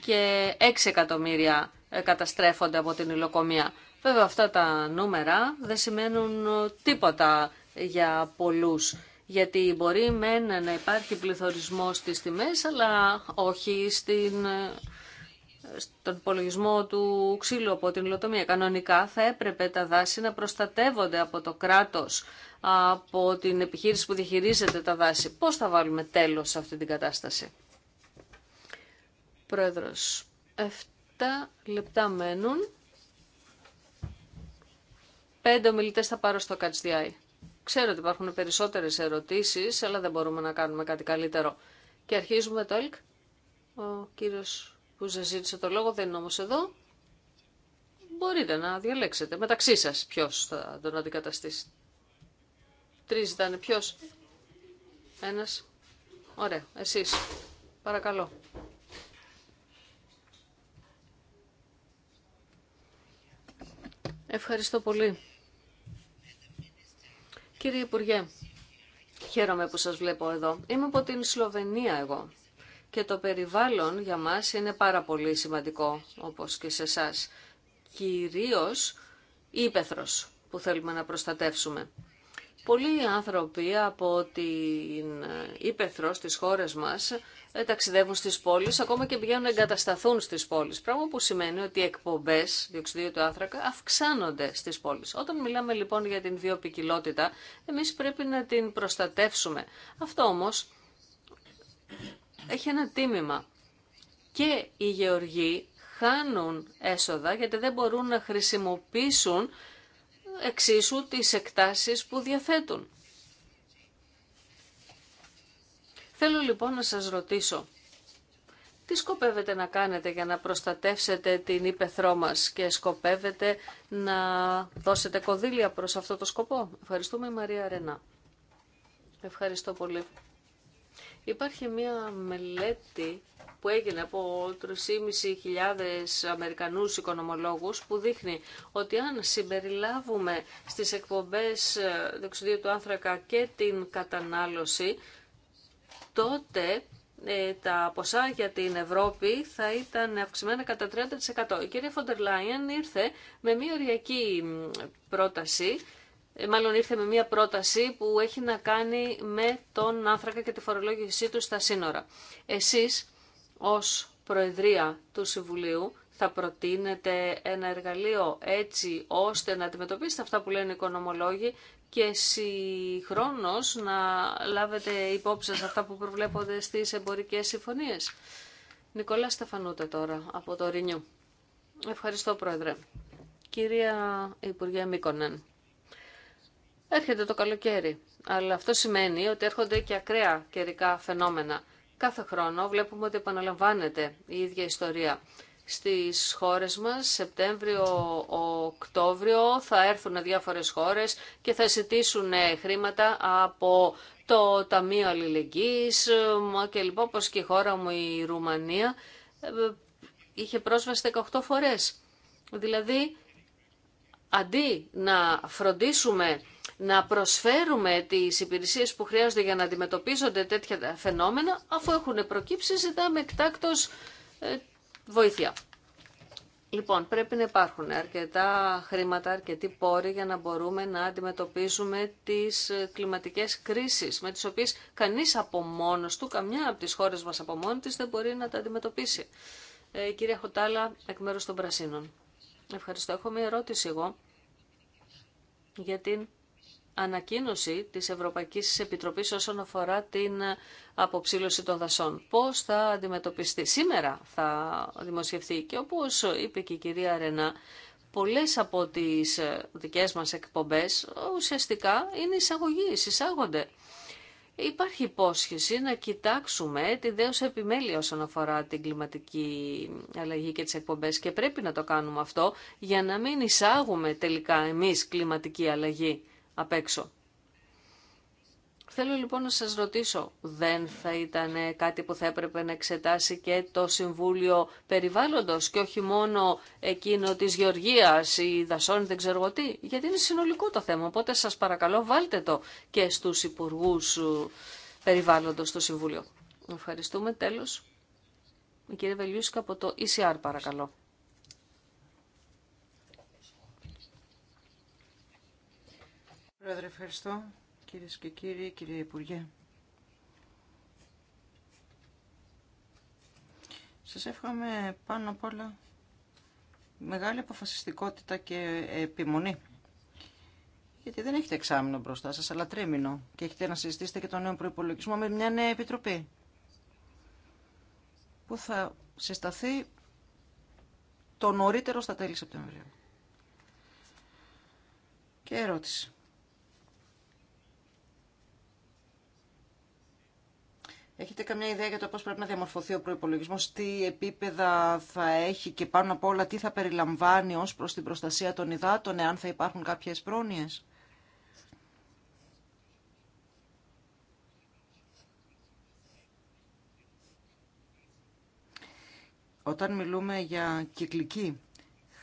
και 6 εκατομμύρια καταστρέφονται από την υλοκομεία. Βέβαια αυτά τα νούμερα δεν σημαίνουν τίποτα για πολλούς, γιατί μπορεί μεν να υπάρχει πληθωρισμός στις τιμές, αλλά όχι στην στον υπολογισμό του ξύλου από την υλοτομία. Κανονικά θα έπρεπε τα δάση να προστατεύονται από το κράτος, από την επιχείρηση που διαχειρίζεται τα δάση. Πώς θα βάλουμε τέλος σε αυτή την κατάσταση. Πρόεδρος, 7 λεπτά μένουν. 5 ομιλητές θα πάρω στο ΚΑΤΣΔΙ. Ξέρω ότι υπάρχουν περισσότερες ερωτήσεις, αλλά δεν μπορούμε να κάνουμε κάτι καλύτερο. Και αρχίζουμε το ΕΛΚ. Ο κύριος που σας ζήτησε το λόγο, δεν είναι όμως εδώ. Μπορείτε να διαλέξετε μεταξύ σας ποιος θα τον αντικαταστήσει. Τρεις ήταν ποιος. Ένας. Ωραία. Εσείς. Παρακαλώ. Ευχαριστώ πολύ. Κύριε Υπουργέ, χαίρομαι που σας βλέπω εδώ. Είμαι από την Σλοβενία εγώ και το περιβάλλον για μας είναι πάρα πολύ σημαντικό, όπως και σε εσά. Κυρίως η ύπεθρος που θέλουμε να προστατεύσουμε. Πολλοί άνθρωποι από την ύπεθρο στις χώρες μας ε, ταξιδεύουν στις πόλεις, ακόμα και πηγαίνουν να εγκατασταθούν στις πόλεις. Πράγμα που σημαίνει ότι οι εκπομπές διοξιδίου του άνθρακα αυξάνονται στις πόλεις. Όταν μιλάμε λοιπόν για την βιοπικιλότητα, εμείς πρέπει να την προστατεύσουμε. Αυτό όμως έχει ένα τίμημα. Και οι γεωργοί χάνουν έσοδα γιατί δεν μπορούν να χρησιμοποιήσουν εξίσου τις εκτάσεις που διαθέτουν. Θέλω λοιπόν να σας ρωτήσω, τι σκοπεύετε να κάνετε για να προστατεύσετε την ύπεθρό μας και σκοπεύετε να δώσετε κονδύλια προς αυτό το σκοπό. Ευχαριστούμε η Μαρία Ρενά. Ευχαριστώ πολύ. Υπάρχει μία μελέτη που έγινε από 3.500 Αμερικανούς οικονομολόγους που δείχνει ότι αν συμπεριλάβουμε στις εκπομπές ε, δεξιδίου του άνθρακα και την κατανάλωση, τότε ε, τα ποσά για την Ευρώπη θα ήταν αυξημένα κατά 30%. Η κυρία Φοντερ Λάιεν ήρθε με μία οριακή πρόταση ε, μάλλον ήρθε με μια πρόταση που έχει να κάνει με τον άνθρακα και τη φορολόγησή του στα σύνορα. Εσείς ως Προεδρία του Συμβουλίου θα προτείνετε ένα εργαλείο έτσι ώστε να αντιμετωπίσετε αυτά που λένε οι οικονομολόγοι και συγχρόνως να λάβετε υπόψη σας αυτά που προβλέπονται στις εμπορικές συμφωνίες. Νικόλα Στεφανούτα τώρα από το Ρινιού. Ευχαριστώ Πρόεδρε. Κυρία Υπουργέ Μίκονεν, Έρχεται το καλοκαίρι, αλλά αυτό σημαίνει ότι έρχονται και ακραία καιρικά φαινόμενα. Κάθε χρόνο βλέπουμε ότι επαναλαμβάνεται η ίδια ιστορία. Στις χώρες μας, Σεπτέμβριο, Οκτώβριο, θα έρθουν διάφορες χώρες και θα ζητήσουν ε, χρήματα από το Ταμείο Αλληλεγγύης και λοιπόν, όπως και η χώρα μου η Ρουμανία, ε, είχε πρόσβαση 18 φορές. Δηλαδή, αντί να φροντίσουμε να προσφέρουμε τις υπηρεσίες που χρειάζονται για να αντιμετωπίζονται τέτοια φαινόμενα, αφού έχουν προκύψει ζητάμε εκτάκτως ε, βοήθεια. Λοιπόν, πρέπει να υπάρχουν αρκετά χρήματα, αρκετοί πόροι για να μπορούμε να αντιμετωπίζουμε τις ε, κλιματικές κρίσεις, με τις οποίες κανείς από μόνος του, καμιά από τις χώρες μας από μόνη της, δεν μπορεί να τα αντιμετωπίσει. Ε, κυρία Χωτάλα, εκ μέρους των Πρασίνων. Ευχαριστώ. Έχω μια ερώτηση εγώ για την ανακοίνωση της Ευρωπαϊκής Επιτροπής όσον αφορά την αποψήλωση των δασών. Πώς θα αντιμετωπιστεί. Σήμερα θα δημοσιευθεί και όπως είπε και η κυρία Ρενά, πολλές από τις δικές μας εκπομπές ουσιαστικά είναι εισαγωγή, εισάγονται. Υπάρχει υπόσχεση να κοιτάξουμε τη δέωση επιμέλεια όσον αφορά την κλιματική αλλαγή και τις εκπομπές και πρέπει να το κάνουμε αυτό για να μην εισάγουμε τελικά εμείς κλιματική αλλαγή απ' Θέλω λοιπόν να σας ρωτήσω, δεν θα ήταν κάτι που θα έπρεπε να εξετάσει και το Συμβούλιο Περιβάλλοντος και όχι μόνο εκείνο της Γεωργίας ή Δασόνη, δεν ξέρω τι, γιατί είναι συνολικό το θέμα, οπότε σας παρακαλώ βάλτε το και στους Υπουργούς Περιβάλλοντος το Συμβούλιο. Ευχαριστούμε. Τέλος, η κυρία Βελιούσκα από το ECR παρακαλώ. Πρόεδρε, ευχαριστώ. Κυρίε και κύριοι, κύριε Υπουργέ. Σας εύχομαι πάνω απ' όλα μεγάλη αποφασιστικότητα και επιμονή. Γιατί δεν έχετε εξάμεινο μπροστά σας, αλλά τρίμηνο. Και έχετε να συζητήσετε και το νέο προϋπολογισμό με μια νέα επιτροπή. Που θα συσταθεί το νωρίτερο στα τέλη Σεπτεμβρίου. Και ερώτηση. Έχετε καμιά ιδέα για το πώς πρέπει να διαμορφωθεί ο προϋπολογισμός, τι επίπεδα θα έχει και πάνω απ' όλα τι θα περιλαμβάνει ως προς την προστασία των υδάτων, εάν θα υπάρχουν κάποιες πρόνοιες. Όταν μιλούμε για κυκλική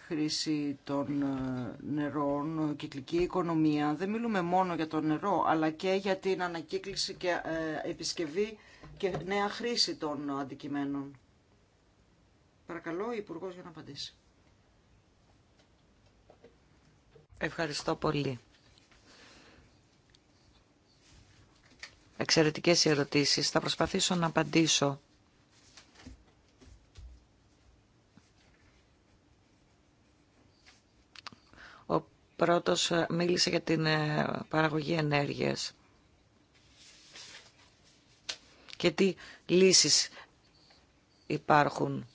χρήση των ε, νερών, κυκλική οικονομία, δεν μιλούμε μόνο για το νερό, αλλά και για την ανακύκληση και ε, επισκευή και νέα χρήση των αντικειμένων. Παρακαλώ, υπουργό για να απαντήσει. Ευχαριστώ πολύ. Εξαιρετικές ερωτήσεις. Θα προσπαθήσω να απαντήσω. Ο πρώτος ε, μίλησε για την ε, παραγωγή ενέργειας και τι λύσεις υπάρχουν.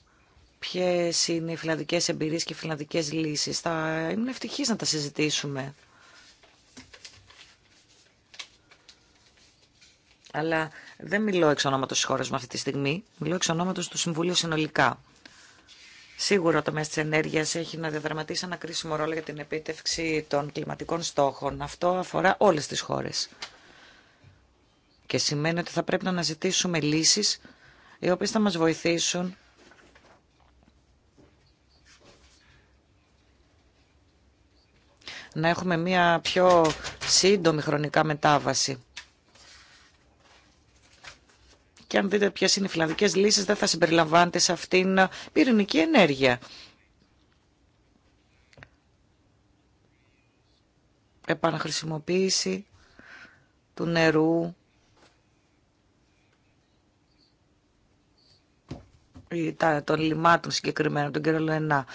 Ποιε είναι οι φιλανδικέ εμπειρίε και οι φιλανδικέ λύσει. Θα ήμουν ευτυχή να τα συζητήσουμε. Αλλά δεν μιλώ εξ ονόματος της χώρας μου αυτή τη στιγμή, μιλώ εξ ονόματος του Συμβουλίου συνολικά. Σίγουρα το μέσο τη ενέργεια έχει να διαδραματίσει ένα κρίσιμο ρόλο για την επίτευξη των κλιματικών στόχων. Αυτό αφορά όλε τι χώρε. Και σημαίνει ότι θα πρέπει να αναζητήσουμε λύσεις οι οποίες θα μας βοηθήσουν να έχουμε μια πιο σύντομη χρονικά μετάβαση. Και αν δείτε ποιες είναι οι φιλανδικές λύσεις, δεν θα συμπεριλαμβάνεται σε αυτήν πυρηνική ενέργεια. Επαναχρησιμοποίηση του νερού, των λιμάτων συγκεκριμένα, τον κύριο Λουενά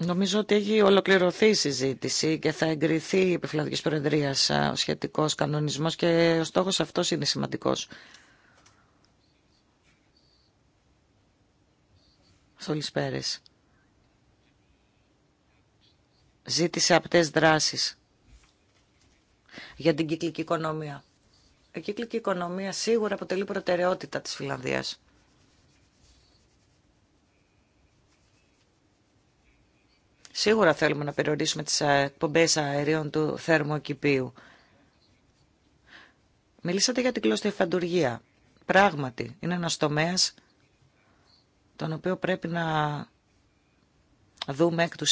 Νομίζω ότι έχει ολοκληρωθεί η συζήτηση και θα εγκριθεί η επιφυλακτική προεδρία ο σχετικό κανονισμό και ο στόχο αυτό είναι σημαντικό. Σόλι Πέρε. Ζήτησε απτές δράσεις για την κυκλική οικονομία. Η κυκλική οικονομία σίγουρα αποτελεί προτεραιότητα της Φιλανδίας. Σίγουρα θέλουμε να περιορίσουμε τις εκπομπές αερίων του θερμοκηπίου. Μιλήσατε για την φαντουργία. Πράγματι, είναι ένας τομέας τον οποίο πρέπει να δούμε εκ του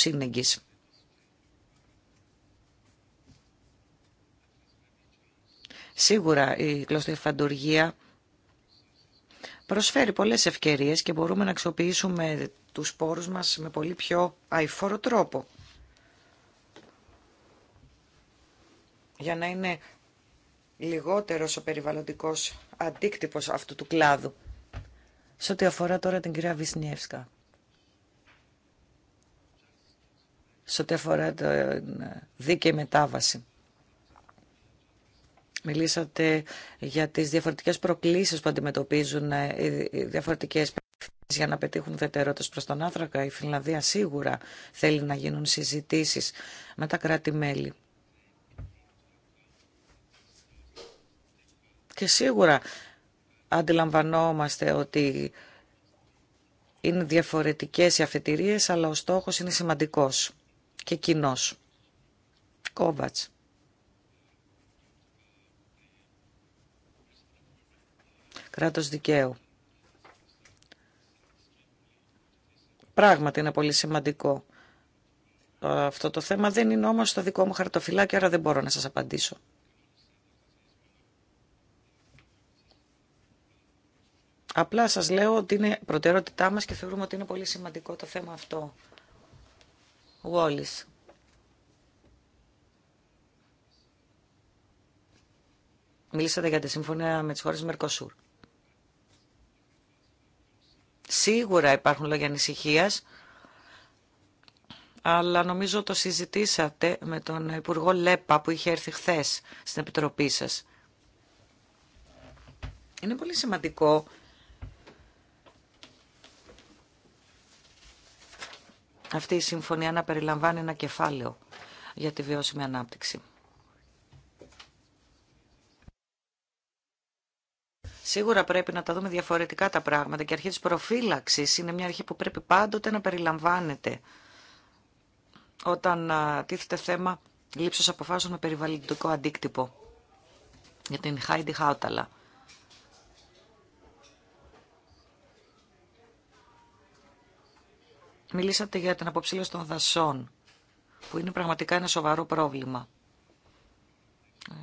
Σίγουρα η φαντουργία προσφέρει πολλές ευκαιρίες και μπορούμε να αξιοποιήσουμε τους πόρους μας με πολύ πιο αηφόρο τρόπο. Για να είναι λιγότερος ο περιβαλλοντικός αντίκτυπος αυτού του κλάδου. Σε ό,τι αφορά τώρα την κυρία Βυσνιεύσκα. Σε ό,τι αφορά την δίκαιη μετάβαση. Μιλήσατε για τις διαφορετικές προκλήσεις που αντιμετωπίζουν ε, οι διαφορετικές για να πετύχουν ουδετερότητες προς τον άνθρακα. Η Φιλανδία σίγουρα θέλει να γίνουν συζητήσεις με τα κράτη-μέλη. Και σίγουρα αντιλαμβανόμαστε ότι είναι διαφορετικές οι αφετηρίες, αλλά ο στόχος είναι σημαντικός και κοινός. Κόβατς. κράτος δικαίου. Πράγματι είναι πολύ σημαντικό ε, αυτό το θέμα. Δεν είναι όμως το δικό μου χαρτοφυλάκι, άρα δεν μπορώ να σας απαντήσω. Απλά σας λέω ότι είναι προτεραιότητά μας και θεωρούμε ότι είναι πολύ σημαντικό το θέμα αυτό. Wallis. Μίλησατε για τη συμφωνία με τις χώρες Μερκοσούρ. Σίγουρα υπάρχουν λόγια ανησυχία, αλλά νομίζω το συζητήσατε με τον Υπουργό Λέπα που είχε έρθει χθε στην Επιτροπή σας. Είναι πολύ σημαντικό αυτή η συμφωνία να περιλαμβάνει ένα κεφάλαιο για τη βιώσιμη ανάπτυξη. Σίγουρα πρέπει να τα δούμε διαφορετικά τα πράγματα και η αρχή της προφύλαξης είναι μια αρχή που πρέπει πάντοτε να περιλαμβάνεται όταν τίθεται θέμα λήψης αποφάσεων με περιβαλλοντικό αντίκτυπο για την Χάιντι Χάουταλα. Μιλήσατε για την αποψήλωση των δασών, που είναι πραγματικά ένα σοβαρό πρόβλημα.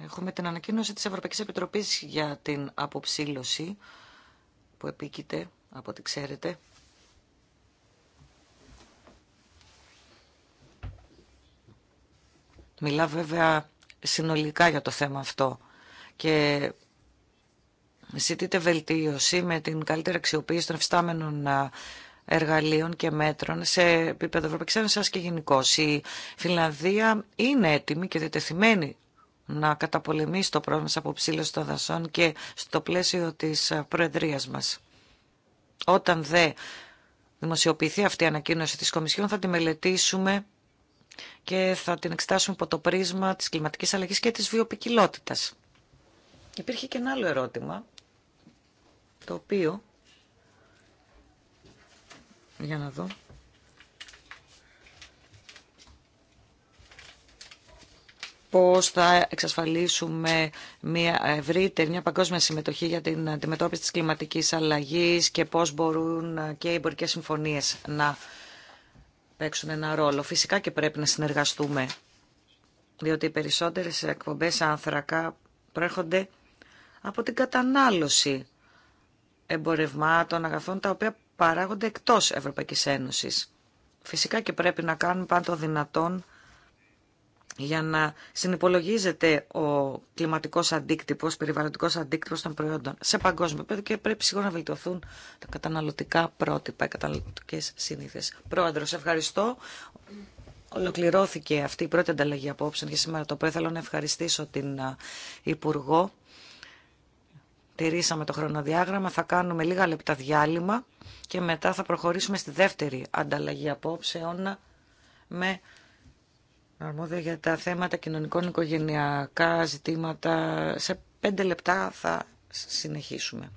Έχουμε την ανακοίνωση της Ευρωπαϊκής Επιτροπής για την αποψήλωση που επίκειται από ό,τι ξέρετε. Μιλά βέβαια συνολικά για το θέμα αυτό και ζητείται βελτίωση με την καλύτερη αξιοποίηση των εφιστάμενων εργαλείων και μέτρων σε επίπεδο Ευρωπαϊκής Ένωσης και γενικώ. Η Φιλανδία είναι έτοιμη και διτεθειμένη να καταπολεμήσει το πρόβλημα της αποψήλωση των δασών και στο πλαίσιο της Προεδρίας μας. Όταν δε δημοσιοποιηθεί αυτή η ανακοίνωση της Κομισιόν θα τη μελετήσουμε και θα την εξετάσουμε από το πρίσμα της κλιματικής αλλαγής και της βιοπικιλότητας. Υπήρχε και ένα άλλο ερώτημα, το οποίο, για να δω, πώς θα εξασφαλίσουμε μια ευρύτερη, μια παγκόσμια συμμετοχή για την αντιμετώπιση της κλιματικής αλλαγής και πώς μπορούν και οι εμπορικές συμφωνίες να παίξουν ένα ρόλο. Φυσικά και πρέπει να συνεργαστούμε, διότι οι περισσότερες εκπομπές άνθρακα προέρχονται από την κατανάλωση εμπορευμάτων, αγαθών, τα οποία παράγονται εκτός Ευρωπαϊκής Ένωσης. Φυσικά και πρέπει να κάνουμε πάντα δυνατόν για να συνυπολογίζεται ο κλιματικός αντίκτυπος, περιβαλλοντικό αντίκτυπο των προϊόντων σε παγκόσμιο επίπεδο και πρέπει σίγουρα να βελτιωθούν τα καταναλωτικά πρότυπα, οι καταναλωτικές συνήθειες. Πρόεδρος, ευχαριστώ. Ολοκληρώθηκε αυτή η πρώτη ανταλλαγή απόψεων Για σήμερα το πρωί θέλω να ευχαριστήσω την Υπουργό. Τηρήσαμε το χρονοδιάγραμμα, θα κάνουμε λίγα λεπτά διάλειμμα και μετά θα προχωρήσουμε στη δεύτερη ανταλλαγή απόψεων με αρμόδια για τα θέματα κοινωνικών οικογενειακά ζητήματα. Σε πέντε λεπτά θα συνεχίσουμε.